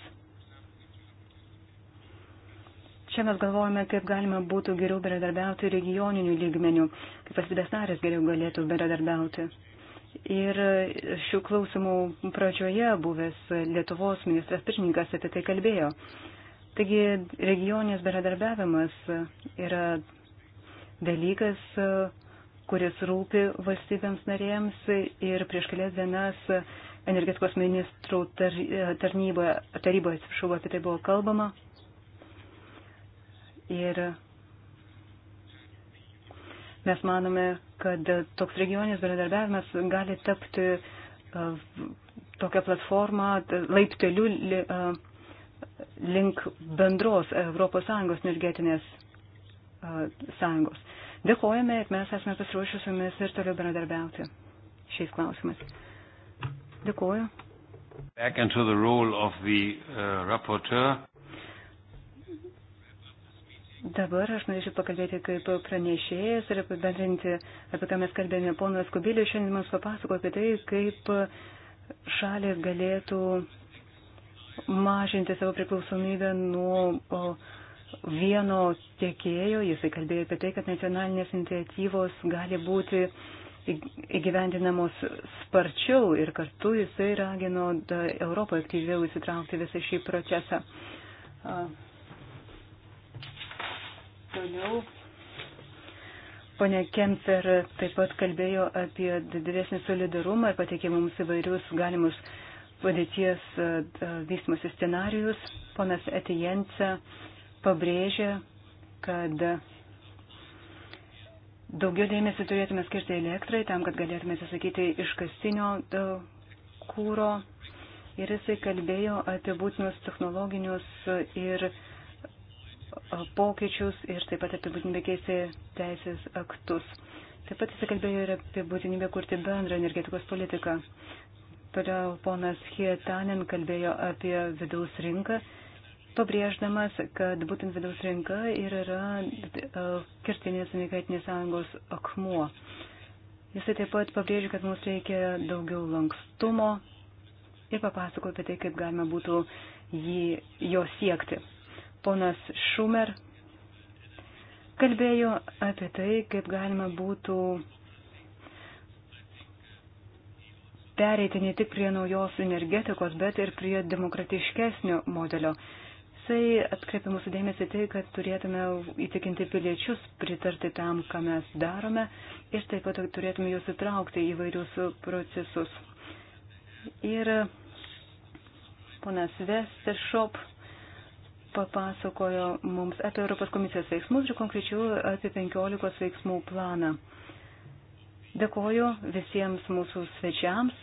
Čia mes galvojame, kaip galima būtų geriau bendradarbiauti regioninių lygmenių, kaip valstybės narės geriau galėtų bendradarbiauti. Ir šių klausimų pradžioje buvęs Lietuvos ministras pirmininkas apie tai kalbėjo. Taigi regioninis bendradarbiavimas yra dalykas, kuris rūpi valstybėms narėms ir prieš kelias dienas energetikos ministrų tar, tarnyboje, taryboje, atsiprašau, apie tai buvo kalbama. Ir mes manome, kad toks regioninis bendradarbiavimas gali tapti tokią platformą laipteliu link bendros ES energetinės sąjungos. Dėkojame ir mes esame pasiruošę su jumis ir toliau bendradarbiauti šiais klausimais. Dėkoju. Back into the role of the uh, rapporteur. Dabar aš norėčiau pakalbėti kaip pranešėjas ir apibendrinti, apie ką mes kalbėjome. Ponas Kubilius šiandien mums papasako apie tai, kaip šalis galėtų mažinti savo priklausomybę nuo o, vieno tiekėjo, jisai kalbėjo apie tai, kad nacionalinės iniciatyvos gali būti įgyvendinamos sparčiau ir kartu jisai ragino Europą aktyviau įsitraukti visą šį procesą. Toliau. Pone Kemper taip pat kalbėjo apie didesnį solidarumą ir pateikė mums įvairius galimus padėties vystimosi scenarius. Ponas Etijence pabrėžia, kad daugiau dėmesio turėtume skirti elektrai tam, kad galėtume atsisakyti iškastinio e, kūro. Ir jisai kalbėjo apie būtinus technologinius ir e, pokyčius ir taip pat apie būtinybę keisti teisės aktus. Taip pat jisai kalbėjo ir apie būtinybę kurti bendrą energetikos politiką. Toliau ponas Hietanin kalbėjo apie vidaus rinką pabrėždamas, kad būtent vidaus rinka ir yra e, kirtinės unikaitinės sąjungos akmuo. Jisai taip pat pabrėžia, kad mums reikia daugiau lankstumo ir papasako apie tai, kaip galima būtų jį, jo siekti. Ponas Šumer kalbėjo apie tai, kaip galima būtų pereiti ne tik prie naujos energetikos, bet ir prie demokratiškesnio modelio jisai atkreipia mūsų dėmesį tai, kad turėtume įtikinti piliečius pritarti tam, ką mes darome ir taip pat turėtume juos įtraukti į vairius procesus. Ir ponas Vesteršop papasakojo mums apie Europos komisijos veiksmus ir konkrečiau apie 15 veiksmų planą. Dėkoju visiems mūsų svečiams,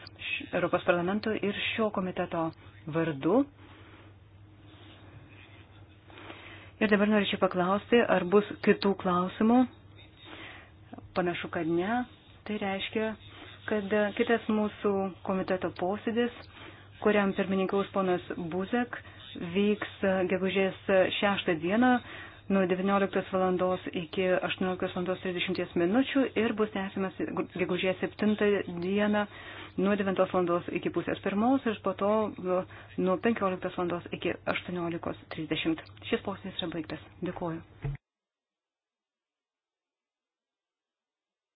Europos parlamento ir šio komiteto vardu. Ir dabar norėčiau paklausti, ar bus kitų klausimų. Panašu, kad ne. Tai reiškia, kad kitas mūsų komiteto posėdis, kuriam pirmininkaus ponas Buzek, vyks gegužės 6 dieną nuo 19 val. iki 18.30 minučių ir bus tęsiamas gegužės 7 dieną nuo 9 val. iki pusės pirmos ir po to nuo 15 val. iki 18.30. Šis posėdis yra baigtas. Dėkuoju.